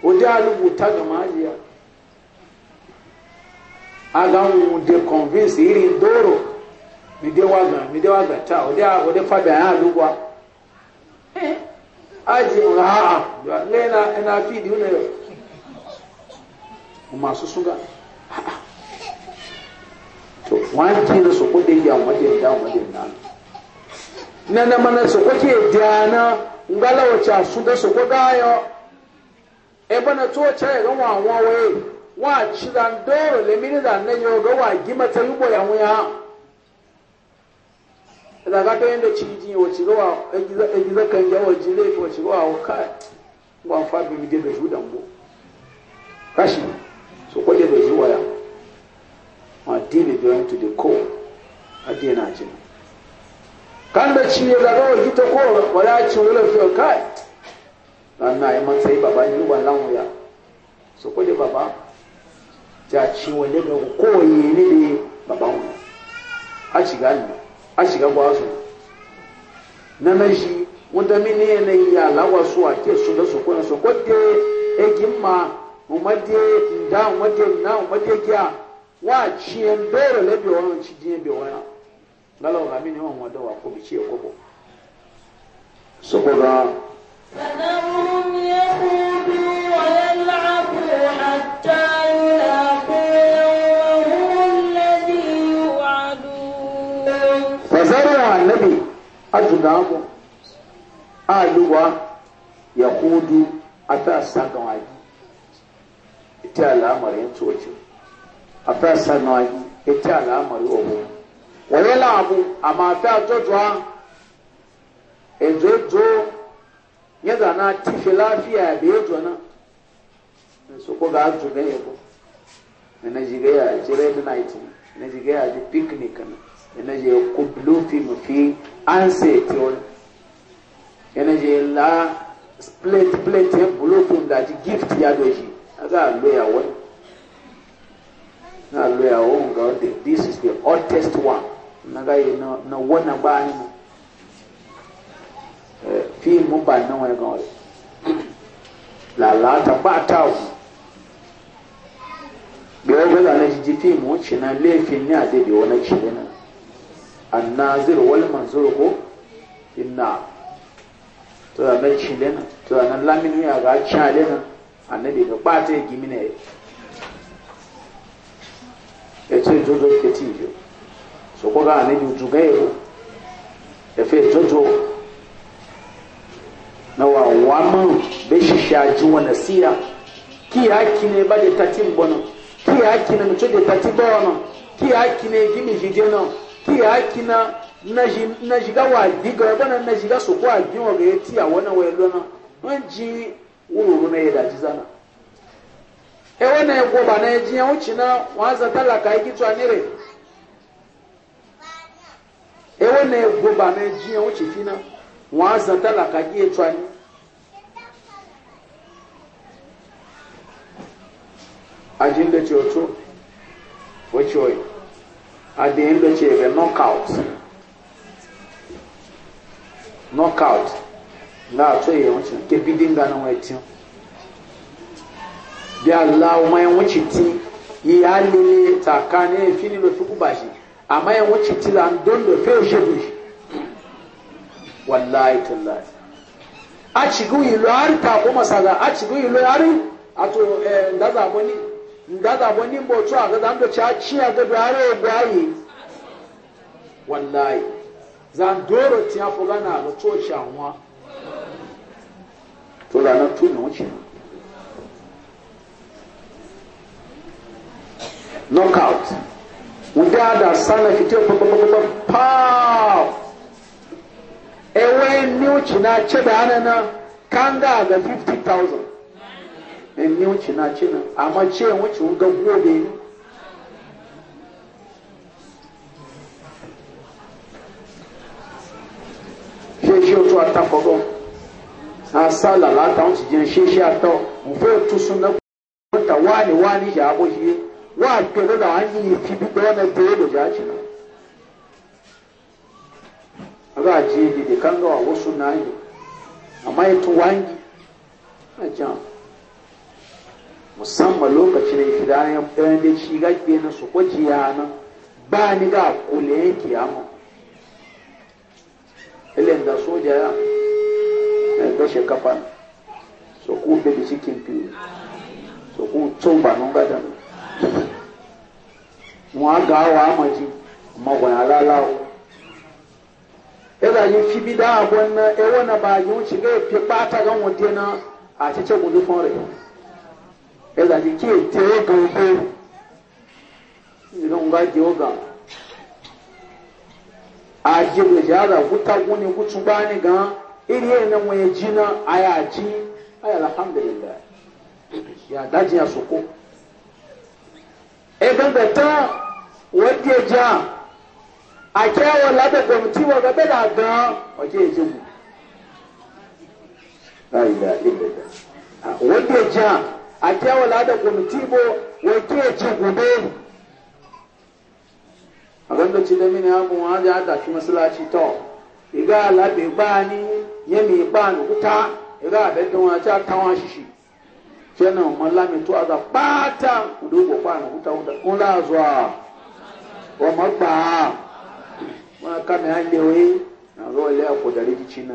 ga majiya a ga mu de convince irin doro mi de waga mi de waga ta ode da o da fabiya aji ura'a ne na ina fi di ne masu suga to wani ki na so kudi ya wade da wade na na na mana so kake dana ngala wacha suga so koda yo e bana to cha ga wa wa we wa chidan doro le mini da ne yo ga wa yubo ya mu ya zaga to yanda ci wace a egiza kan ya wace laifi ci gawa wa kai wa fa bi mi da judan bo kashi so ko da zuwa ya ma dini da to the core adena jin kan da ci ya zaga wa gita ko ya ci wala fi kai na na yi matsayi baba yi ba lan ya so ko da baba ta ci wa ga ko yi ne baba mu a shiga ne a shiga gwazo na na shi wanda mini yanayi ya lawa su a ke su da su kuna su kwadde e gimma umade nda umade na umade kya wa ciyen dore lebe wani ci jiye be wani ngala wa mini wa wanda wa ko bi ciye ko bo saboda sanarun ya ajudamu aluwa yahudu ata sagan aji ita al'amarin coci ata sagan aji ita al'amarin obo wani a amma ata jojuwa ejojo yadda na tifi lafiya da ya jona su ko ga ajuga yabo na jigaya jirai da na iti na jigaya da picnic na yana je kublu fi mufi an seti wani yana je la plate plate eh, ya bulu tun da ji gift ya doji a za a loya wani na loya wani ga wani this is the oldest one na ga yi na ba ni eh, fi mu ba nan wani ga wani lalata ba ta wu biyar gaza na ji fi mu wuce na laifin ne a daidai wani cire na annazir wal manzur ko finna to da nan shi lena to da nan laminu ya ga cha lena annabi ga bata gimi ne ya ce jojo ke ti yo so ko ga annabi juga yo ya fe jojo na wa wamu be shi shaji wa nasiya ki haki ne ba da tatin bono ki haki ne mutu da tatin bono ki haki ne gimi jide no ki ya kina na shiga wa giga bana na shiga su ko agin wa ga ti na wannan waye lona wọn ji wuru na yeda ji zana e na ya goba na e ji ya wuce na waza talaka yi kitwa nire e wannan go goba na ji ya wuce fina waza talaka yi kitwa ni ajin da ce wato wace wayo at the end of the year knockout knockout nga ato yɛ wɔn kyɛn kebi di nga na wɔn akyi bi ala wɔn yɛ wɔn kyi ti yi alele taka ne efi ne lofi kuba yi ama yɛ wɔn kyi ti la ndondo fɛn o hyɛ bu yi walayi talayi akyigi yi lo ari ta ko masaka akyigi yi lo ari ato ndaza abɔ ne ngada wani mbotu a gaza da cha ci a ga bare bare wallahi zan doro ti afuga na ga to shanwa to da na tuna wuce knockout wuda da sana fite babba pa ewe ni uchi na chebe anana kanga ga 50000 emi wuce na cina amma ce wuce wuga gobe ne ṣe ṣe otu atakọgọ na sala lata wọn ti jẹ ṣe ṣe atọ òfé tusun na kúta wá ní wá ní ìyá abó e e e yìí wá àgbẹ̀rẹ̀ náà wọn yìí fi gbígbé wọn náà bèrè lòdì àjìnà. aga ajiye dede kan gawa wasu na yi amma ya tuwa a jam musamman lokacin da shiga yan ɗayan da shi gagbe na su kwaci yana ba ni ga kule yake amma ilin da soja ya na gashe kafa so ku bi da cikin fiye so ku tun ba nun gada mu a ga awa amaji magwaya lalawo ila yi fi bi da abon na ewa na ba yi wuce ga ya fi ɓata gan wadena a cikin gudu rai ẹ̀ka ti kí ètè ẹ̀gàn pé ìlú ńgá jẹ́ ọ̀gàn. Àjẹ mùsàlá kútakú ni kútùbá ni gan ìrì ẹ̀ na wọ́n ẹ̀jì na ayé àjì ayé alhamdulilayi yàdájì àsòkò. Ẹ̀gbẹ́ bẹ̀tẹ́ wọ́n di ẹja àkẹ́wọ̀ lábẹ́gbẹ̀mù tí wọ́n gbẹ́ dà gan ọjọ́ ẹ̀jẹ̀ mu. Láyé ilẹ̀ ilẹ̀ wọ́n di ẹja. akyawala da kwamiti bo ke ci gube abin da ci da mini abu wa da da shi masalaci to iga la ba ni ye mi ba ni kuta iga be don wa cha tawa shi shi kenan malla mi to aza pata dogo kwa ni kuta kuta kun la zwa wa magba wa kame an lewe na zo le ko da rikici na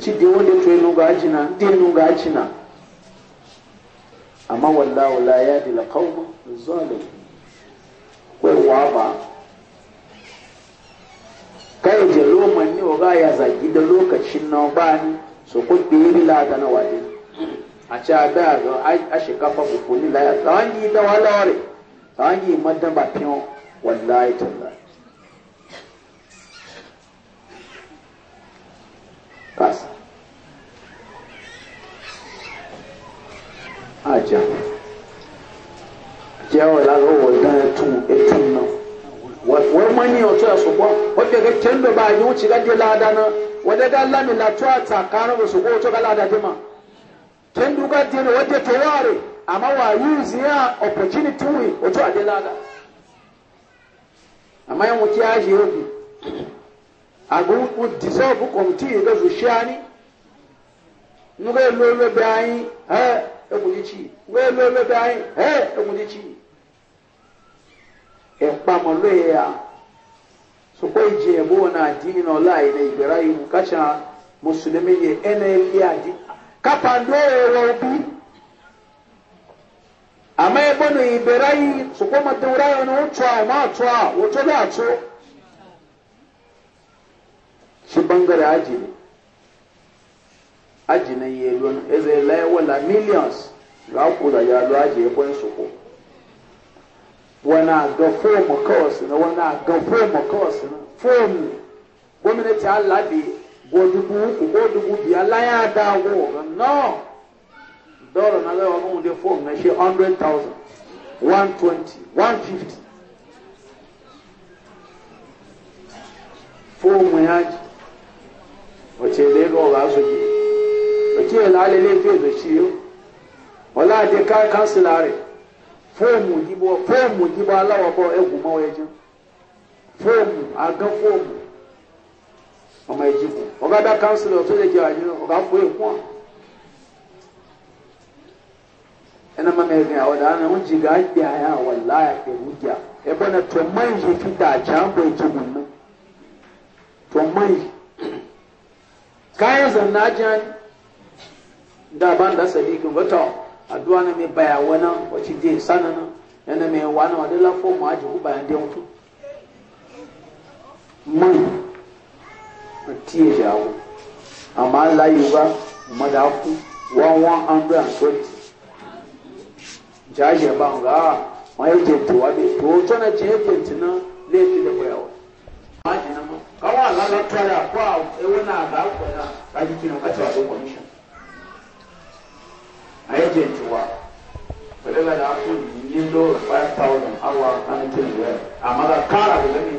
ci de wanda to yi nuga ajina din nuga ajina amma wallahu la yadi la qawma zalim ko wa ba kai je roman ne ga ya zagi da lokacin na ba ni so ko bi la ga na waje a ci a da ga a shi shekafa bufuni la ya ta da walaware tsawangi madan ba fiyo wallahi tallahi kasa aja jẹ ọla lọ wọ dan ẹtun ẹtun náà wọn mọ ní ọtọ ẹsùnkọ wọn fi ẹkẹ tẹ ń bẹ báyìí wọn ti dájú láadáa náà wọn dẹ dá lámì látọ àtà kárọ ọsùnkọ wọn tó ká láadáa dé mà tẹ ń dúkà dín ní wọn dé tó wá rè àmọ wà yíyí sí yá opportunity wì ọtọ àdé láadáa àmọ ẹwọn kí á yẹ òbí agun disɛɛfu kɔmitii ka zo shiani nuga ye lolo bɛ anyi hɛ ekuli tsi nuga ye lolo bɛ anyi hɛ ya soko yi dze ebo wɔna adini na ɔla yi na igbera yi mu katsa musulumi ye ɛna eli adi kapa ndo ye wɔ ama ebo na igbera yi soko ma dewura yɔ na wotsɔ a wɔma atsɔ a wotsɔ bɛ atsɔ shi bangare aji ne aji na yi elu eze ele wala millions lo akula ya lo aji ya kwen suko wana ga fomu kawasi na wana ga fomu kawasi na fomu gwamnati di godubu uku godubu biya laya dawo ga no dọrọ na lẹwọ ọmọ òde fóònù náà ṣe hundred thousand one twenty one fifty fóònù yẹn wace ne ga wa su ji wace na alele fe da shi yo wala de ka kansilare fóòmù yíbo fóòmù yíbo aláwọ̀ bọ̀ ẹ̀gùn mọ́ ẹjọ́ fóòmù agán fóòmù ọmọ ìjìbò ọ̀gá dá kánsílọ̀ tó lè jẹ àyè ọ̀gá kó èkó à ẹnà mọ́mọ́ ẹ̀gbìn àwọn ọ̀dà àwọn jìgá gbé àyà àwọn láyà pẹ̀lú jà ẹ̀bọ́n kayan zanna jan da ban da sadiqin wata addu'a na mai baya wana wace je sanana yana mai wana wani lafo mu aji ku bayan dan Mun, a tiye jawo amma layu ba madafu 1120 jaje ba ga wani ah, yake tuwa bai to tana ce yake tunan laifin da bayawa àwọn àlálẹ́tọ́rà kó ewé náà na pọ̀ náà láti kí wọn kájọ àdó kọmíṣọ̀n. àyẹ̀jẹ̀ ìtura pẹ̀lú ẹ̀dá àpò yìí ló five thousand hour nineteen rẹ̀ àmàlà káàrà ló lẹ́nu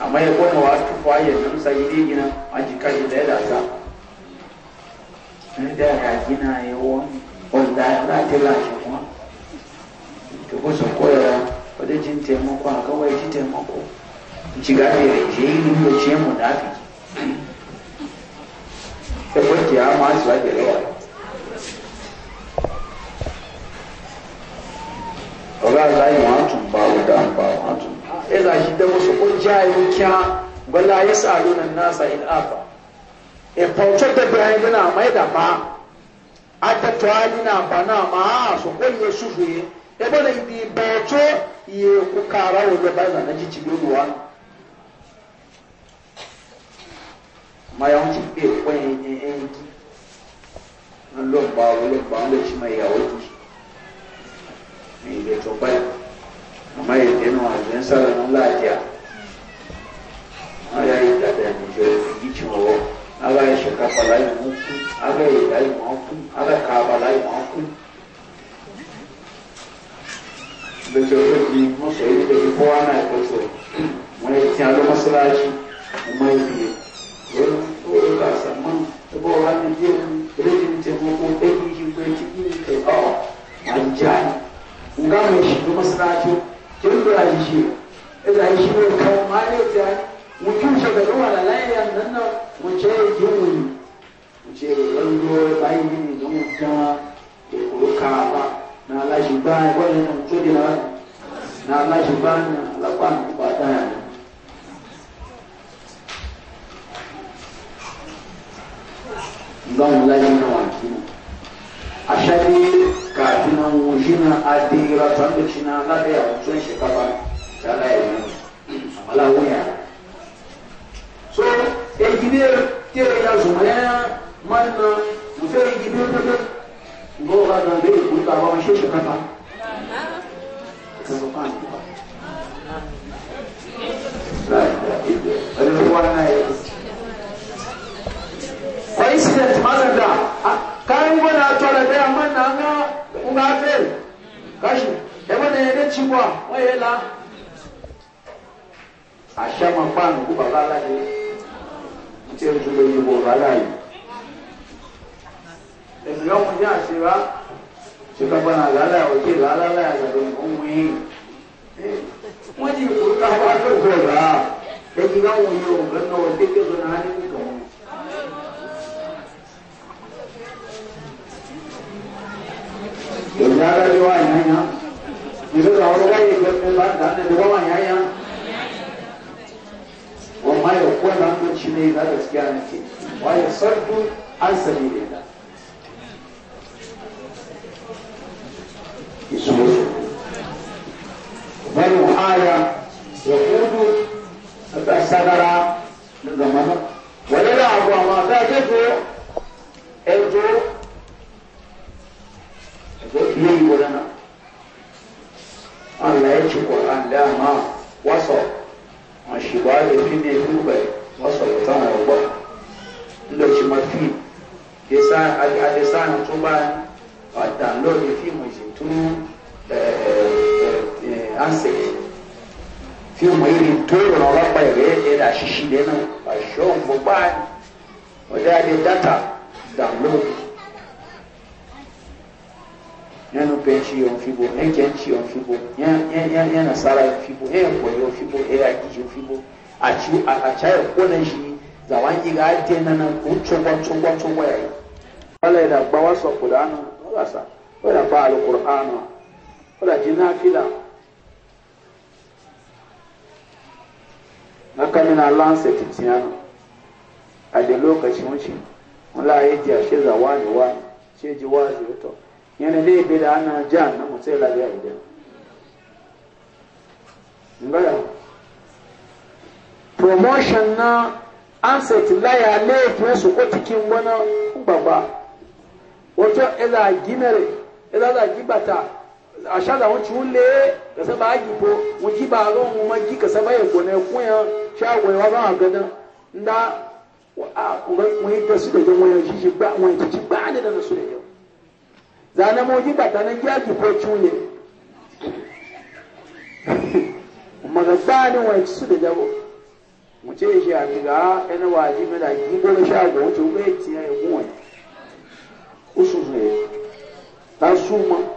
amma ya kona wa tufu ayyar nan sai dai gina a jika shi da ya ne da ya gina ya wa da ya na tila shi kuma ta kusa koyara wadda jin taimako a kawai ji taimako ci gane da ce yi ni mu ce mu da aka ci ta kwanci ya ma su ake rawa ọlọ́run láyé wọn á tún bá ọ̀dà ń bá wọn á tún ila shi da wasu ƙungiyayen kya gwala ya sa'alu nan nasa in afa e pauce da bayan yana mai da ma a ta tuwali na ba na ma a su ƙunye su fiye ibi ya ku kara na ji ci duduwa ma ya wuce ƙunye ne yan eh, ki an lomba wani ba wani shi mai yawon ki mai bai bayan amma ya dena wa zai sara nan lafiya ya yi da da ni je yi wa ala ya shaka bala ya ala ya dai mu ala ka ya da ce ko ki yi da ko ana ko so mu ne ti ala masalaci mu mai bi ko haka mina lansa titiyana a da lokacin wuce mula ya ji a shiza wani wani ce ji wazi to yana da ibe da ana jan na mutsai labiya idan ngaya promotion na asset laya laifin su ko cikin wani gbagba wato ila ginare ila za gibata asha da wuce wule ka saba agi ko wuji ba ron mu magi ka saba ya gona kuya sha goyawa ba a gadan nda a mu yi da su da jin wayan shi shi ba mu yi ci ba ne da su da yau zana mu ji ba ta nan ya ki ko cune maga ba ne wayan su da jawo mu ce shi a diga ina wajibi da ki gona sha go wuce wule ti ya yi mu wani usu ne ta suma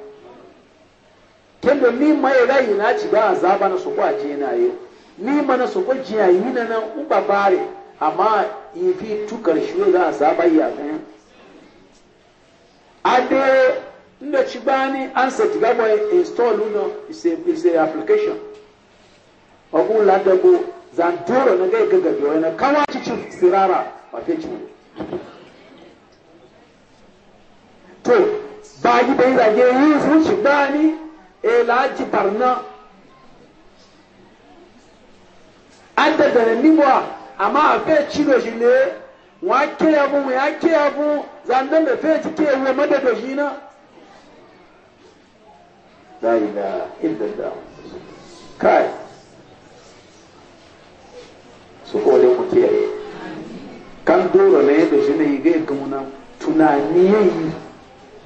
kendo ni mai rai na ci ba azaba na soko aje na yo ni na soko ji ayi na na u babare amma ifi tu karshe za azaba ya kan ade ndo ci bani ansa ti gabo install uno is a is a application ogun la dago zantoro na ga gaga do na kawa ci ci sirara a fe ci to ba yi bai zage yi sun ci elaji eh, laji barna an nimwa ama afe fe jine shi ne wa ke yabu mu ya ke yabu zandan da fe cike yawo mada da shi na la da illallah kai su kole mu kiyaye kan dora ne da shi ne ga gamuna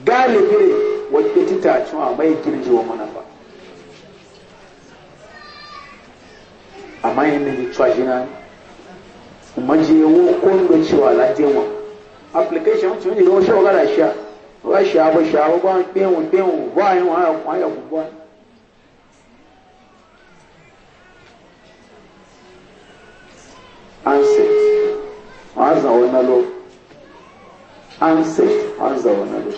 galibi ne wadda tita cewa mai girji wa mana ba amma yin nan cewa jina maji yawo kondo cewa wa application wacce wani yawon shawo gara sha wa sha ba sha ba ba ɗewun ɗewun ba yin wa ya ya kuwa answer wa zan wani lo answer wa zan wani lo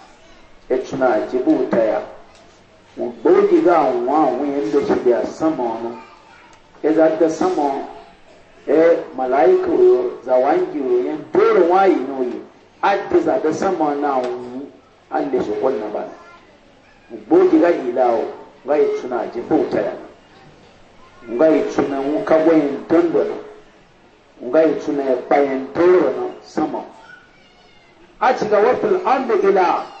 ɛtena agyebu wotaya wɔgbɔɔdi ga anwa a wɔyɛ ndɔhyɛ bi asama ɔno ɛdza sama ɛɛ e, malaika wɔ za wangi wɔ wɔn ayi na oyi adi za da sama ɔno a wɔn alɛ sɔkɔ naba ga yila o nga yɛ tena agyebu wotaya nga yɛ tena wɔn kabɔ yɛn dɔndɔ no nga yɛn no sama a ti ga ila.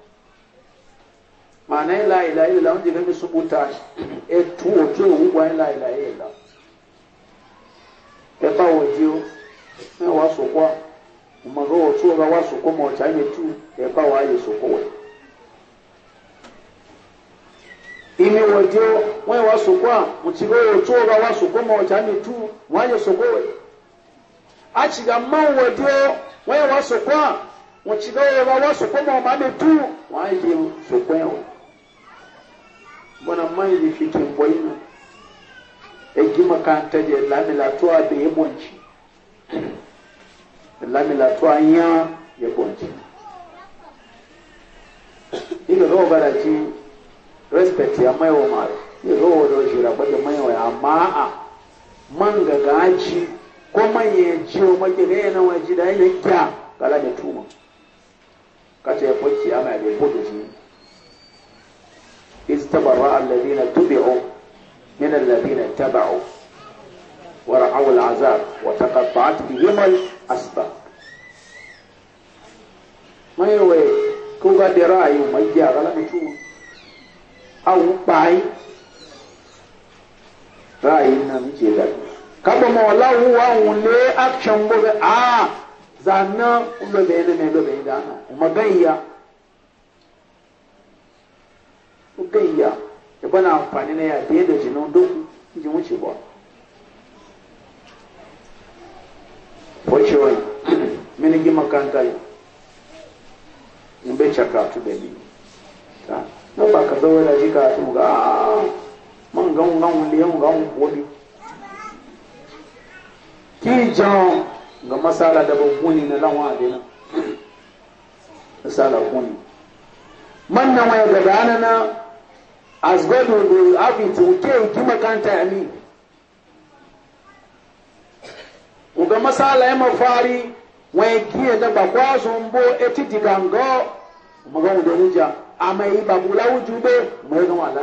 Ma na ịla ila ndi nani subuta etu otu na e e wasokwa umago otu ga wasokwa mo chanye tu pepa wa yesokwa we imi odio we wasokwa otu tu wa yesokwa we achiga ga ma tu bana mai da fikin boyina ya gi makanta da lamilatuwa da ya bonci lamilatuwa ya ya bonci ina zo bara ci respect ya mai wa mara ina zo wa da shi rabar da mai wa amma a man ga gaci ko man ya ji wa makina na waje da ya yi kya kala da tuma kata ya kwanci ya mai da ya bodo shi إذ تبرأ الذين تبعوا من الذين اتبعوا ورعوا العذاب وتقطعت بهم الأسباب ما يوي كوغا دراي ما يجاغا لمتو أو باي راي نمجي ذلك kaba مولا هو ولي أكشن action آه زانا zanna ulo bene ne دانا وما magayya ya amfani na ya da da jinin duk jin wuce ba mini gi makanta yi in bai da ni na ba ka da ga ah, man gan gan wuli yan gan wuli ki jan ga masala da babbuni na lanwa masala kuni man waya ga dana na asgolu bu abitu ke ki makanta ami uga masala ya mafari wai kiye da ba kwazo mbo eti digango maga mu doja ama yi ba bula wujube mai ga wala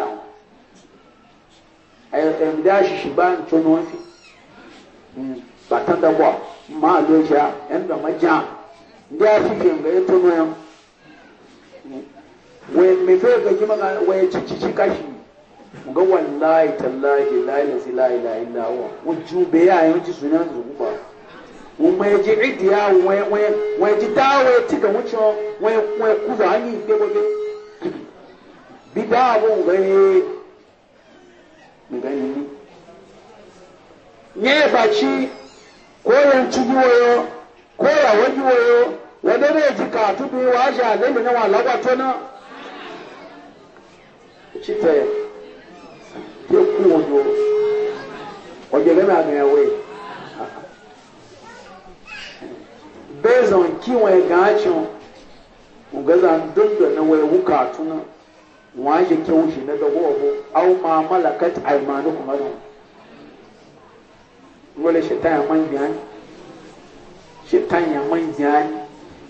ayo em da chono fi batanda kwa ma loja en da wai mai fe ga gima wai cikici kashi ga wallahi tallahi la ilaha la ilaha illa huwa wujju be ya yin ji sunan zuguba mun mai ji idiya wai wai wai ji dawo tika wucho wai wai kuza ani be gobe bida bo ngai ngai ne bachi ko yan cigiwoyo ko ya wajiwoyo wadda ne ji ka tubi wa shi a zai wa lagwato na chite ke kuyo ojele na ne we based on kiwon gacin ugaza dundu na we wuka tuna waje kyau shi na dago abu au ma malakat aymanu kuma wale shetan ya man biyan shetan ya man biyan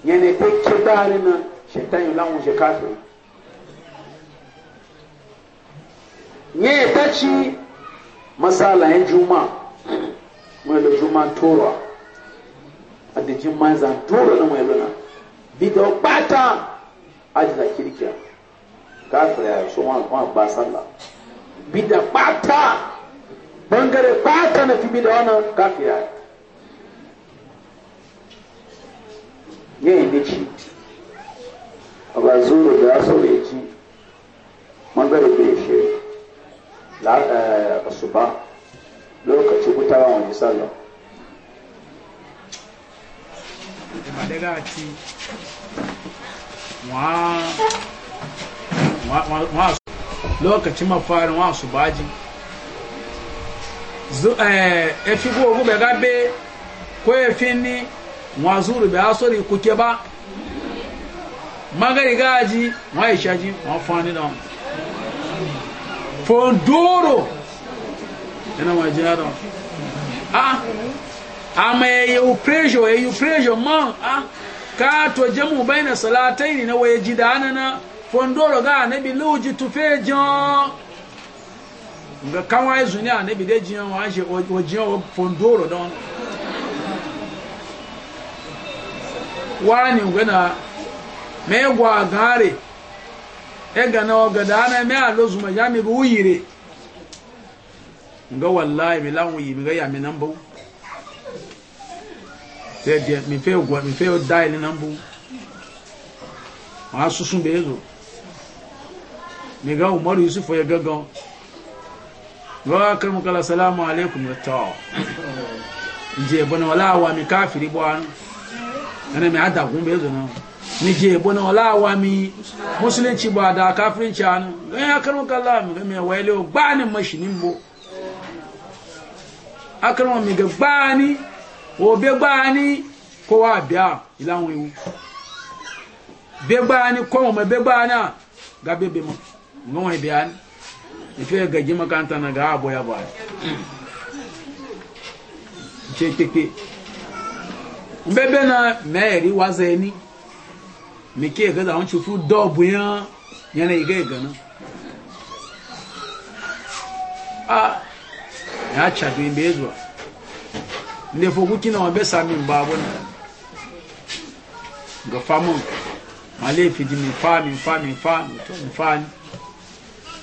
yana ta kidari na shetan ya lawun shi kafin ne ta ci masalayen juma mai da juma tora a da jin mai zan tora na mai luna bida bata a jina kirkiya kafin ya so wa kuma ba sallah bida bata bangare bata na fi bida wannan kafin ya yi ne ci a ba zuru da ya sauye ci da ya shiri àṣùbá eh, lokacin hutawa mai sallah daga ci lokacin mafarin wasu baji eh, efi gogu bai gabe ko efi ni wazuru bai asori kuke ba magari gaji wa ishaji wa fani da wani fondoro yana waje yaro a ah, a mai yayu prejo yayu prejo man a ah, ka to jamu baina salatai ne na waye ji da na fondoro ga anabi luji tufe jan nga kanwa izu ne anabi da o waje wajen fondoro don wani ngana me gwa gare egana ogada ana me alozuma ya mi buyire nga wallahi mi lan yi mi ga ya mi nan bu te dia mi fe ogwa mi fe odai ni nan bu ma susun be zo mi ga umaru yusuf ya gagan wa kalmu kala salamu alaikum ta nje bana wala wa mi kafiri bwana ana mi ada gumbe zo na nije bona wala wa mi musulunci ba da kafirinci anu ɗan ya karin kalla mi ga mai o gbani mashinin bo akarin mi ga gbani obe gbani kowa biya ilawun iwu be gbani kowa mai be gbani a ga bebe ma ga wani biya ni ife gaji makanta na ga abu ya ba ce keke bebe na mẹ́rin wáṣẹ́ me ke ga zawon cufu dobu ya yana iga iga nan a ya cadu in bai zuwa ne fogu kina wa besa min babu na ga famun ma laifi ji min fa min fa min fa min to min fa ni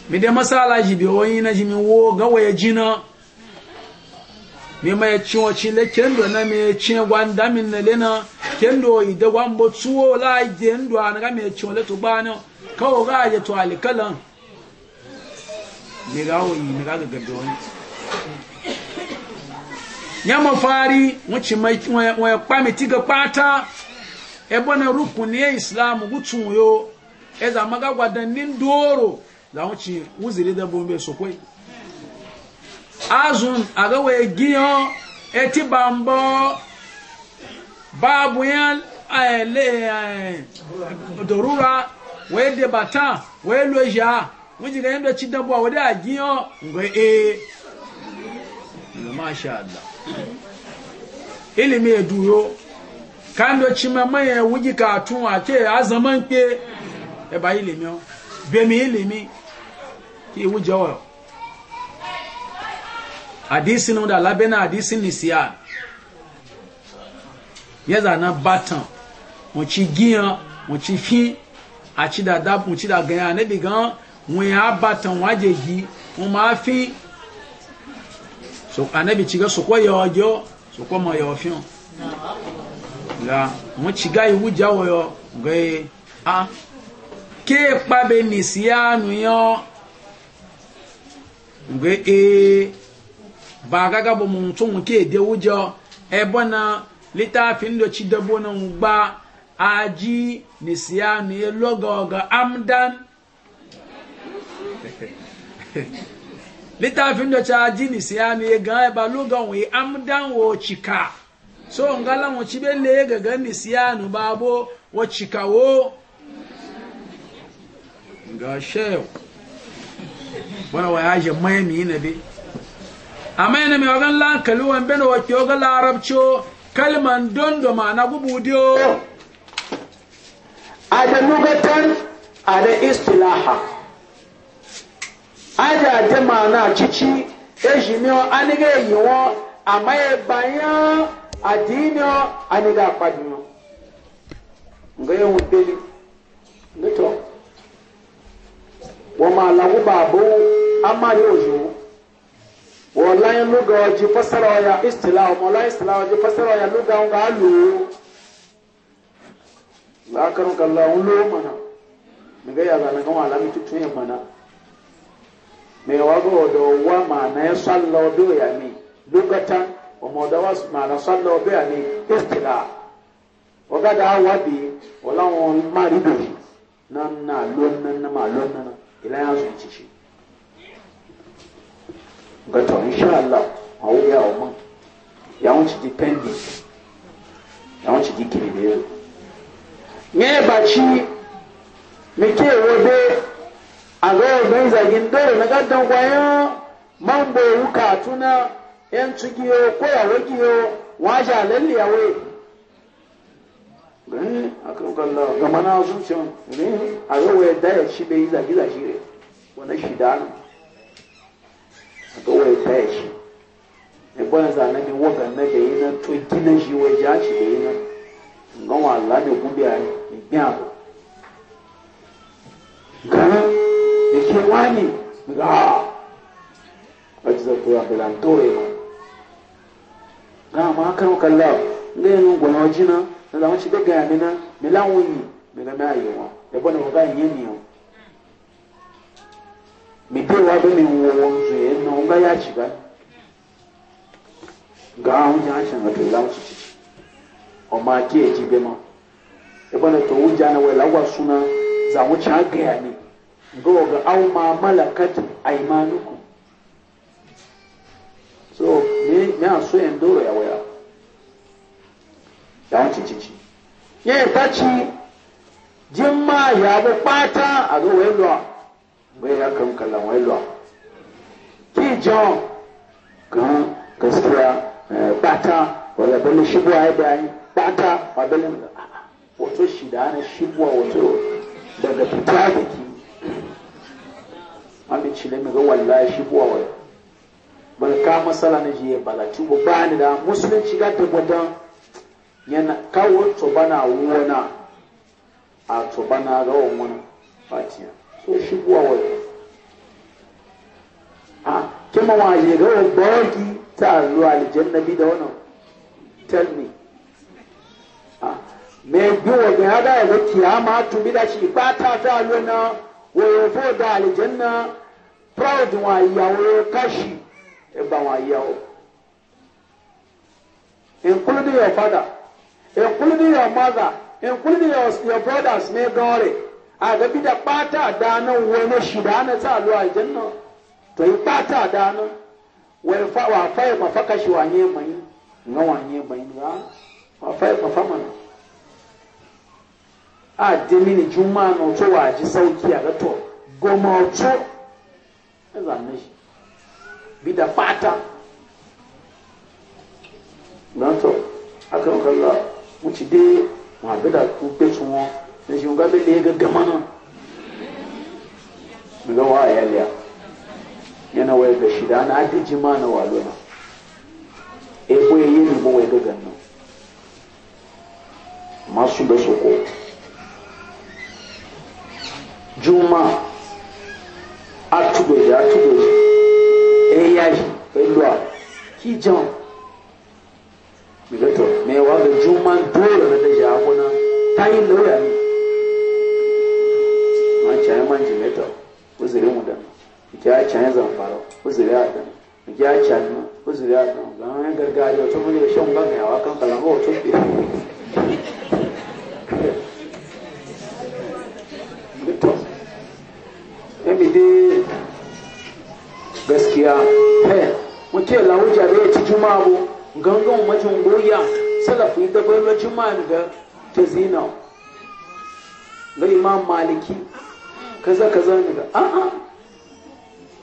mi dai masala ji bi wani na ji min wo ga waya jina mi ma ya ci wacin le kendo na me ci gwanda min na lena kendo ida gwambo tuwo la ide ndo an ga me ci wala to bana kawo ga ya to alkalan me ga wo ni ga ga gado ni nya ma fari wuci mai wa kwa mi tiga pata e bona rukuni ya islam gutun yo e za maga gwadan nin doro za wuci wuzire da bombe sokoi azun aga we giyo eti bambo babu yan eh, le eh, dorura we de bata we loja muji ga yendo ci dabo we da giyo ngo e masha ilimi eduro kando chima maye wuji ka tun ake azaman pe e ba ilimi o be mi ilimi ki wuji owo hadisi nan da labena hadisin nisiya ya zana batan wacce giyan wacce fi a ci da dabu ci da ganya na digan wọn ya batan waje gi wọn ma fi so anabi ci ga su kwa yawa gyo su kwa ma la wọn ci ga iwu jawo yo ga a ke kpabe nisiya nu yo ga e ba gaga mun tun ke de wujo e bona litafin do ci da bona aji nisianu ye ga amdan do aji nisiyanu ye ga e ba logo we amdan wo chika so ngala mo wo chika wo ga shew bona wa aje mai mi amma yana mai wagan lan kaluwan ben wa ke wagan larabcio kalman dondo ma na gubu diyo ada lugatan ada istilaha ada ada mana cici ejimiyo e aniga yiwo amma ya bayan adiniyo aniga kwadiniyo nga yawu e deli nito wa ma lagu babu amma yau yiwo wallahi luga ji fasara ya istila mola istila ji fasara ya luga ga alu la kan kallahu lo mana daga ya ba nan wala mi tutun ya mana me wago do wa mana ya sallo do ya mi lugatan o mo da was mana sallo do ya mi istila o ga da wa bi wala on mari do nan na lon nan na ma lon nan ila ya gbẹtọ inshàlá àwọn yà ọmọ yàwọn ya di pẹndì ya ti di kìnìún yẹn nyẹ bàtí mi kí èwo dé àgọ́ ọ̀gbẹ́ ìzàgì ń dọ̀rọ̀ nígbà dán wáyán máa ń bọ òwú kàtú náà ya tún kí o kóyàwó kí o wọ́n kalla ga mana zuciyan ne a yau ya daya shi bai yi zage wani shida ne ga wai taya shi ne bana zana ne waga na da yi na to gina shi wai ja shi da yi na ga wa Allah ne gube a yi biya ba gana da ke wani ga a ji zafi wa bilantore ma ga ma kan kalla ne yin gwana wajina na zama shi daga yamina milan wuni mina mai ayewa da bana waga yi ne mite wabe miwowo nzu yena unga yachiba ngawo nyashanga tolawu omaki ekibema na towujana welawa suna zamu kyageyani ngoga au ma e malakat e aimanukum so ne ne aso endoro yawera yawo chichichi ye tachi jimma yabo pata aga welwa bai ya kan kallon wailwa ki jan kan gaskiya bata eh, wala bali shibuwa ya bayani bata a balin wato shi da hana shibuwa wato daga fita da ki amin ci ne ga wallahi shibuwa wai ka masala na jiye balatu ba ba ni da musulunci ga tabbata yana kawo tobana wona a tobana ga wani fatiya so shi buwa wani a kima waje ga wani ta zuwa aljannabi da wannan tell me a me biwa ga hada ya ga kiyama tumi da shi ba ta ta lona wayo fo da aljanna proud wa yawo kashi e ba wa yawo including your father including your mother including your, your brothers may glory a ga bida ɓata dana wani shida na sa lo aljanna to yi ɓata dana wai fa wa fa ma fa kashi wanye mai nga wanye mai nga wa fa ma fa mana a dimi ni juma no to wa ji sauki a ga to goma e to zanne shi bida ɓata na to akan kalla wuce dai ma bida ku pe tun wọn na shi ga bele ga gama nan ga wa ya liya yana waya ga shida na adi jima na walo na e ko yi ni mo waya ga ganna masu da soko juma atubeji atubeji e eh, yi, pẹ̀lú a ki jan mi me wa ga juma dole na da jago na ta yi lóya ni can man jimeta uzuri mu dan ki ya can zamfara uzuri a dan ki ya can ma uzuri a dan ga an gargajiya to mun da shan ban yawa kan kalan ho to bi to emi dai gaskiya eh mun ce lawo jabe ci juma'a bu gangan majin goya salafi da bayan juma'a ga ta zina ga imam maliki kaza kaza ne ga a'a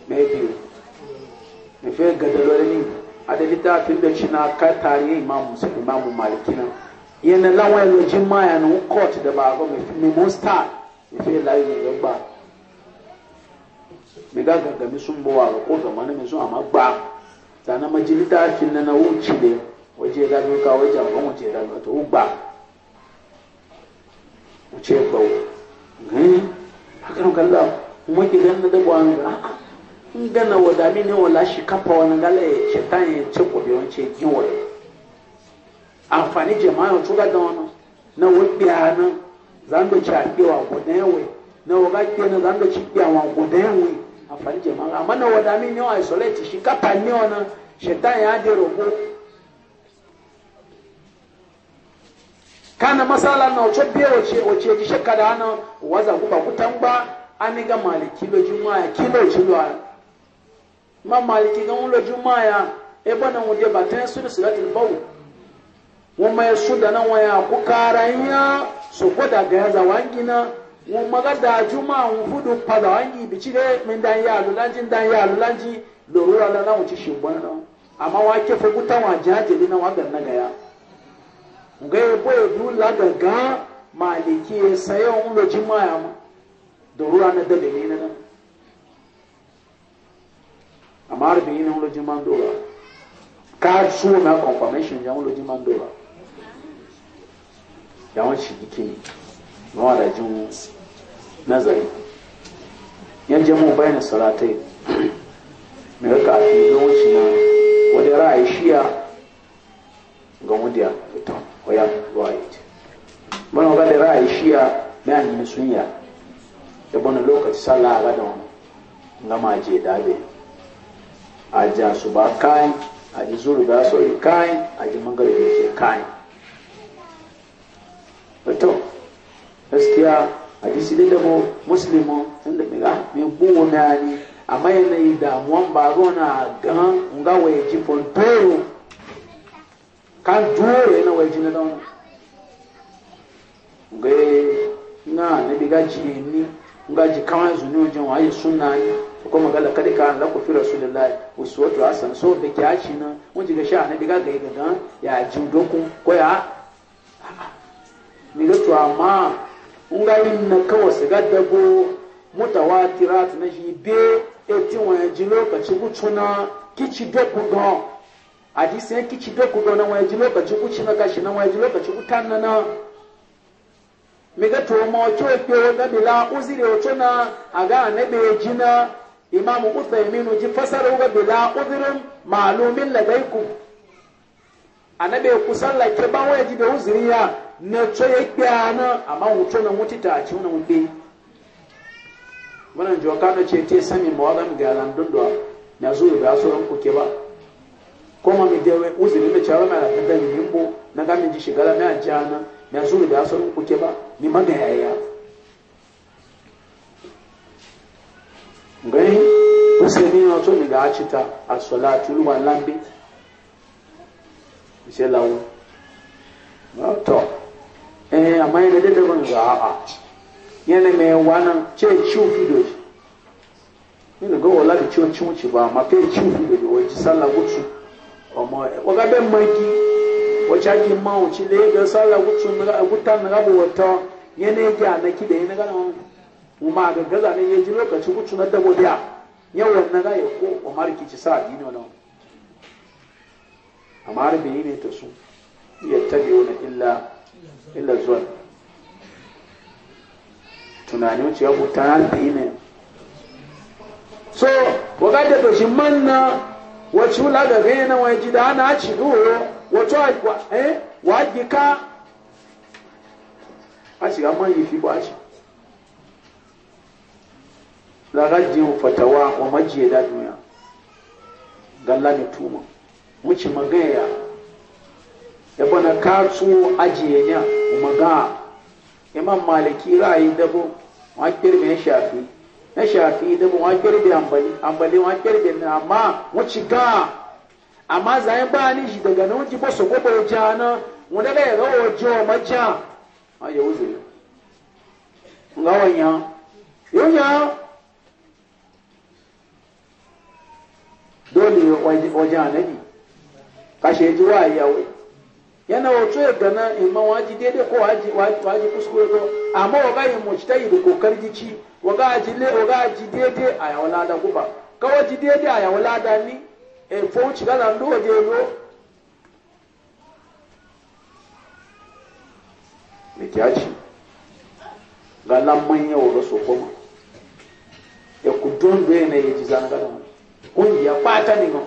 me yake nufe ga dalolin a da littafin da shi na ka tarihi imam musulmi imamu maliki na yana lawan lojin maya na court da ba ga mai mun Me nufe layi ne yabba mai ga gangami sun bawa ga ko gama na mai sun amma gba sannan maji littafin na na wuce ne waje ga duka waje ga wuce ga ta ugba wuce gbawo gani kan kalla kuma ki ganin da kwan in gana wada mi ne wala shi kafa wani gala ya shetan ya ce ko bi wance giwa amfani jama'a to ga da wannan na wubiya nan zan da ci akewa godan yawe na waga ke na zan da ci biyawa godan yawe amfani jama'a amma na wada mi ne wa isolate shi kafa ne wannan shetan ya je rogo kana masala na ocho bie oche oche jishe kada hana waza kuba kutangba aniga mali kilo jumaya kilo chilwa ma mali kiga ulo jumaya eba na mudye baten sunu silatil bawu wama ya suda na waya kukara ya sokoda gaza wangina maga da juma pa pada wangi bichire mindan ya lulanji ndan ya lulanji lorura lana uchi shimbwana ama wake fukuta wajaje lina waga nagaya nga ebo edu la gaga maliki sayo ulo jimaya ma da e dorura na dalili na nan amar bi ina ulo jiman dora ka su na confirmation ya ulo jiman dora ya wan shi dike ma wada jin nazari yan jamu bayan salatai me ka fi don shi na wadda ra'ayi e shiya ga wadiya fitan e ya right bana ga da ra'ayi shiya na ni sunya da bana lokaci sallah ga da wani ngama je dabe aja su ba kai aji zuru da so kai aji mangaribi ce kai to gaskiya hadisi da dabo muslimu inda miga mai buwo na ni amma yanayi damuwan ba ruwa na gan nga waye jifon kan dore na waje na dan ga na na biga ji ni ga ji kawai zuni wajen waye sunna yi ko magala kada ka la ku fi rasulullahi uswatu hasan so da kyashi na wajen ga sha na biga ga ga dan ya ji doku ko ya mi ga to amma un ga yin na kawai su ga dabo mutawatirat na shi be etin eh, wajen lokaci mutuna kici doku gan ji sai kici ku gona wani ji lokaci ku na gashi na ji lokaci ku na na mi ga to mo to pe ga bi la uzire o tona aga ne be jina imamu uthaymin ji fasara ga bila uzrum malumin ladaikum anabe ku salla ke ba waje da uziri ya ne to ya pe ana amma o tona muti ta ci na wunde wannan jokan ce te sami mawadan ga landun do na zuwa ba so ku ke ba koma mi dewe uzi ni mechawe ma da yimbo na ga mi ji shigala na jana mi azuru da asalu kuke ba ni maga ya ya ngai usemi na to mi ga achita as-salatu wa lambi ishe lawo na to eh amma ina da da ban ga a yana me wannan ce chufi do shi ni ga wala da ciwo ciwo ba ma fe chufi do wai sallah gutsu ọmọ ẹ wọ́n bẹ́ẹ̀ mọ igi wọ́n ṣe àjì mọ òun ṣe lé ẹgbẹ́ sọ́ọ́lá wúta nàgà bò wọ̀ yẹn ní ẹgbẹ́ ànákì dẹ̀ nàgà náà wọ́n máa gàgà gà ní yẹn jí lọ́kàtí wútu náà dẹ́gbọ́ dẹ́ à yẹn wọ̀ nàgà yẹ kó ọmọ àríkì ti sáà dín náà àmọ́ àríkì yìí ni tẹ̀sùn yẹ tẹ́bi wọn ilà ilà zọ́ọ̀lù tunanin wuce ya hutu ta ne so wọ́n ká tẹ̀ mọ́ wacce wula ga ganye na wani gida ana ci duro wato eh, wa gika a shiga man yi fi ba shi lagajin fatawa wa majiya da duniya galla da tuma wuce magaya ya bana katsu ajiye ya maga imam maliki ra'ayi dabo wa kirme shafi na shafi da mu wakir bi ambali ambali wakir bi na amma wuci ga amma zai ba ni shi daga nan wuci boso ko boja na mun da ya ga ojo maja a ya wuce nga wanya yonya dole waje anabi kashe ji wa yawo yana wato ya gana imma waji daidai ko waji waji kuskure ko amma wa waga yin mu ta yi da kokar gici waga aji le waga aji daidai a yawon lada guba ka waji daidai a yawon lada ni e fo ci gana ndo waje yo me kya ci ga lamman yau da so kuma ya ku dondo yana yi ji zangara kungiya kwata ne ma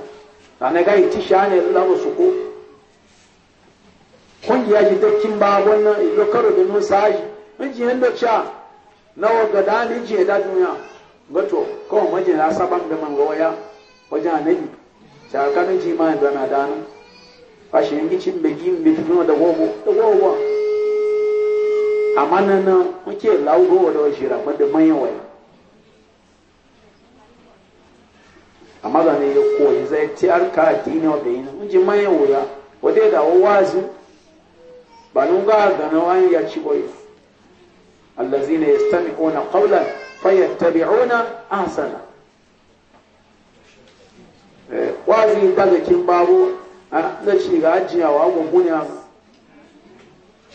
ranar ga yi ci shane lamu su ko kungiya ji ta ba wannan karo da musa yi Inji ji yanda cha na waga da ni ji da duniya gato kawai maje na saban da man waya wajen anabi cha ka ni ji ma da na da nan fashe yin gicin begi mai fino da gogo da gogo amma nan nan muke lauro da washi rafa da manyan waya amma zane ya koyi zai tiyar ka dina wa bayanin nan mun ji manyan waya wadai da wazi balunga gana wani ya ci boye allazina yastami'una qawlan fayattabi'una ahsana eh wazi daga kin babu na ci ga ajiyawa gungunya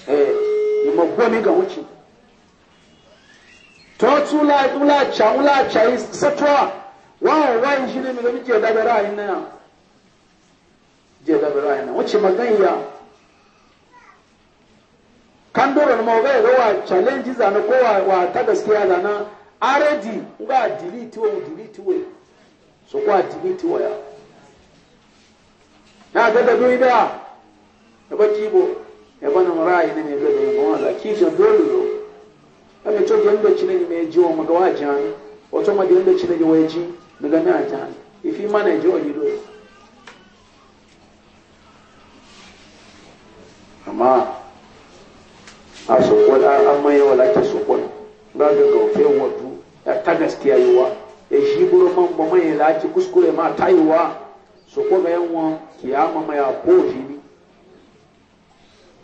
eh ni magomi ga wuce to tula tula cha ula cha satwa wa wa shi ne mi ga mi je dabara ina je ra'ayin nan wuce maganya kan dora na mawuga ga wa challenge zana ko wa ta gaskiya zana already ga delete wo delete wo so ko delete wo ya na ga da doi da da baki bo ya bana marai ne ne ga da mu wala ki jan dole do ana to ga inda cinani mai ji wa maga wajan wato ma da inda cinani wai ji daga na ta ifi mana ji wa ni do amma a sokon a amma yawa lake sokon ga ga gaufe wadu ya ta gaskiya wa ya shi buru man ba mai lake kuskure ma ta yi yiwa soko ga yanwa kiyama ma ya ko shi ni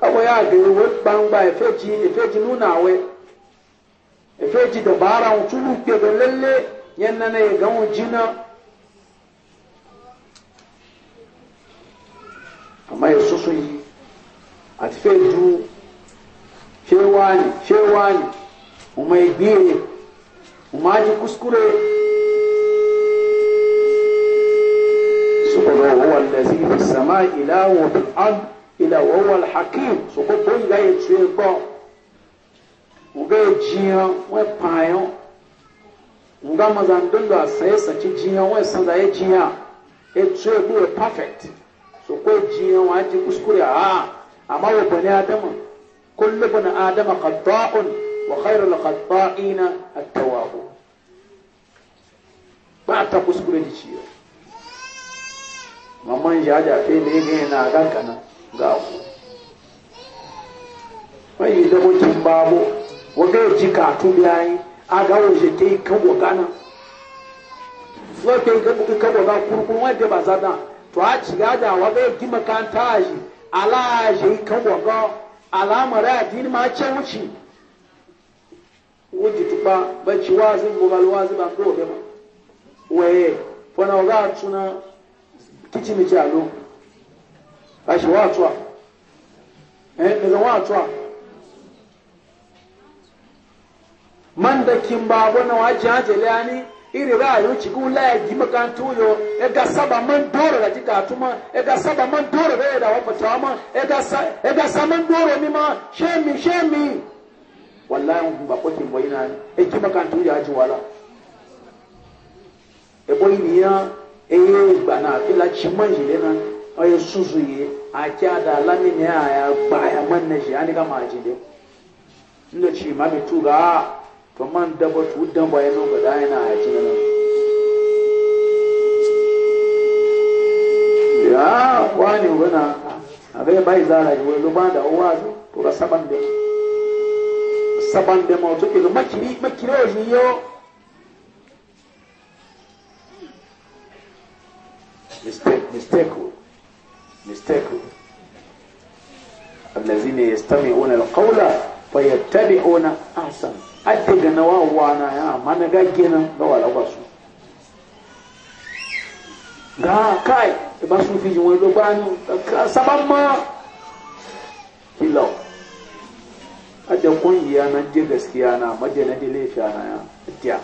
kabo ya ga yi wani bangba ya feji ya feji nuna we ya feji dabara wucu ke ga lalle yanna na ya ga jina amma ya soso yi a tafiya duk Cewa cewa shewani biye umaigbie umaji kuskure suka ga huwa allazi fi samai ila wa fil ard ila wa huwa alhakim so ko ko ga ye tue gbo uga jiyan we payan uga mazan dondo asaye saci jiyan we sanza ye jiyan e tue gbo perfect so ko jiyan wa ji kuskure a amma wa bani adamu كل ابن آدم خطاء وخير الخطائين التواب بعد كسكولة جيشيو mamman jaja fe ne ne na ganka nan ga ku mai da mutum babu waga ya ji katu biyayi a ga waje ta yi kan waga nan zuwa ta yi kan waga kurkun wanda ba zana to a waga ya ji makanta a ala kan waga alamar addini ma can wuce wuce tukpa bacci wazin bugal wazi ba ko da ba waye wana ga tuna kici mi jalo ashi wa tuwa eh da wa tuwa man da kin ba na waje ajele ani iri rayu cikin laye gi makarantu yo e saba man doro da jika tuma e saba man doro da da wafa tama ega sa e sa man doro mi ma shemi shemi wala mun ba ko kin boyina e gi makarantu ya wala e boyina e ye gba na fi e la ci man jile na o ye susu ye a kya da lamini ya ya ba ya man na ani ka ma jile ndo ci ma mi to man daba tu dan ba yana ba dai na aji nan ya wani wana a ga bai zara yi wani ba da uwa to ga saban da saban da ma to ilu makiri makiro shi yo mistake mistake mistake الذين يستمعون القول فيتبعون احسنه ake ga na wawa na ya amma na gage nan ga wala ba su ga kai ba su fi wani lo bani saban ma a adda kungiya na je gaskiya na maje na je lafiya na ya diya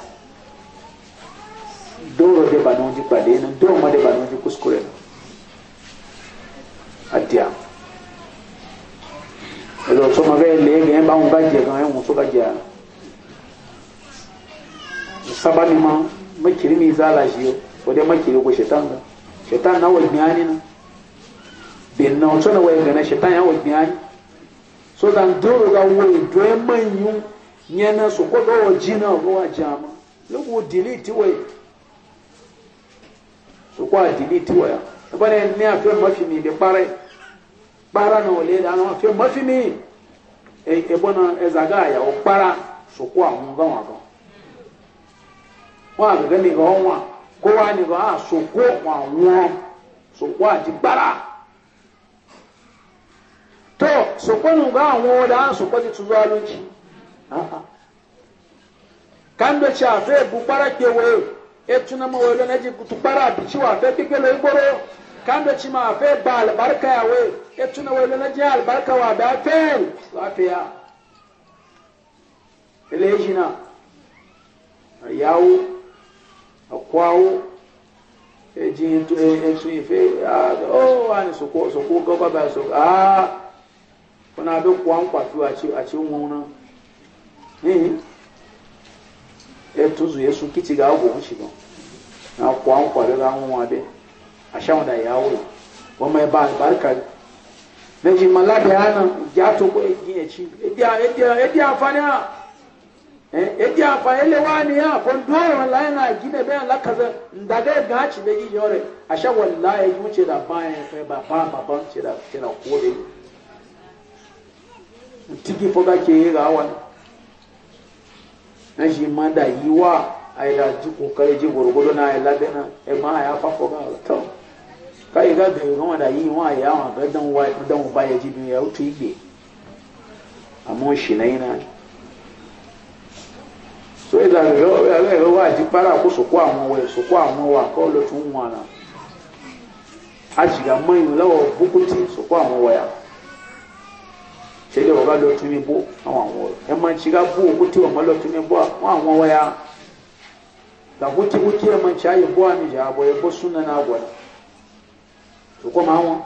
doro de banon ji pade na doro ma de banon ji kuskure na adiya ẹlọ tó ma bẹ lé gẹ báwọn bá jẹ gan muso tó bá a la. sabani ma makiri mi zala shi wadda makiri ko shaitan da shaitan na wal biyani na bin na wato na wai gana shaitan ya wal biyani so dan doro ga wai doye manyu yana su ko ga wajina ruwa jama lugu delete wai su ko delete waya bane ne a fiye mafi mi da bare bara na wale da ana fiye mafi mi e, e bona e zaga ya o para su ko a mun ga wa wọn àgbẹ̀gẹ́ mi gan wọn kó wá ní gan àsokó àwọn sokó àti gbára tó sokó nùgbà àwọn ọ̀dà àsokó ti tuntun alójì kando tsi afe bu gbara ke wo na ma wo lona dzi kutu gbara abitsi wo afe kpekpe le egboro kando tsi ma afe ba alibarika ya wo etu na wo lona dzi alibarika wo abe afe afe ya ele yi na akwawo eji etu e, e ife owa ni soko soko gọba ba soko ọ na abe kwa nkwatu achi achi nwuna n'ihi etu zu yesu kiti ga agwọ nchigo na kwa nkwado ga nwunwa abe ashanwu da ya wuri wọ́n mọ ẹba àlùbáríkà rẹ̀ méjì mọ̀ ládàá náà ìjà tó kọ́ ẹ̀gbìn ẹ̀chí ẹ̀dí àǹfààní à. eji eh, afa elewa eh, ni ya fon dole wallahi na gina bayan lakaza daga ga ci da yi yore asha wallahi yi wuce da bayan fa ba ba ba ban ce da kira kore tiki fo ga yi ga wa na shi ma da yi wa ai da ji kokari ji gorogoro na ayi la labe na e ma ya fa fo ga to kai ga da yi ma da yi wa ya wa ga dan wa dan ba ya ji biya wuce igbe amma shi na yi na so ila lọ wá di para kó sòkó àwọn wẹ sòkó àwọn wà kọ́ ló tún wọn àná àjìgà mọ́ ìlú lọ́wọ́ bókútì ya àwọn wẹ̀ yà ṣẹlẹ̀ ọ̀gá lọ tún ní bó àwọn àwọn wẹ̀ ẹ máa ń ṣiga bó òkútì ọmọ lọ tún ní bó àwọn àwọn wẹ̀ yà làkútì kútì ẹ máa ń ṣe àyè bó àmì ìjà àbọ̀ ẹ bó súnà náà bọ̀ ẹ sòkó ha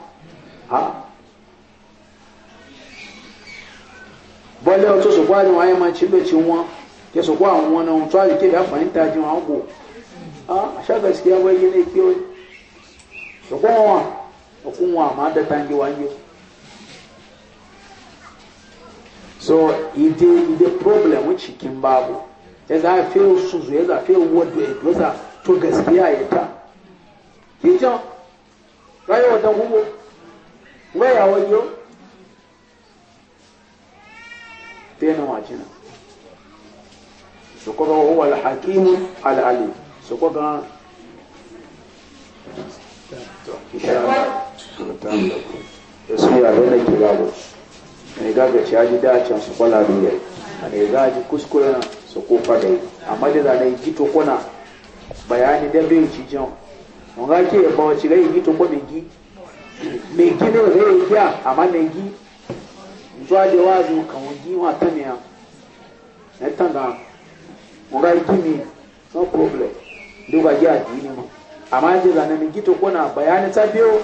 ọtún ayé máa ń ṣe ke ah, so kwa wani wani tsari ke da fahimta jin hango a sha gaskiya wai yi ne kiyo so kuma wa a kunwa ma da tangi wangi so ide ide problem wuce kin babu ya za a fiye su zuwa ya za a fiye wadda to gaskiya ya ta ki jan rayuwa ta hugo wai ya wayo Pena soko kan huwa al-hakimu al-alim soko ga da su yare na kira ba mai gagace ya ji dacin su kwala duniya a da ya ji kuskure na su kofa da yi amma da zane gito kuna bayani da bai ci jan mun ga ke ba wace yi gito ko mai gi mai gi ne rai ya amma mai gi zuwa da wazo kan wani gi wa ne ya tan oga gimi no problem duk ba ji addini ma amma yanzu zanen gito ko na ta biyo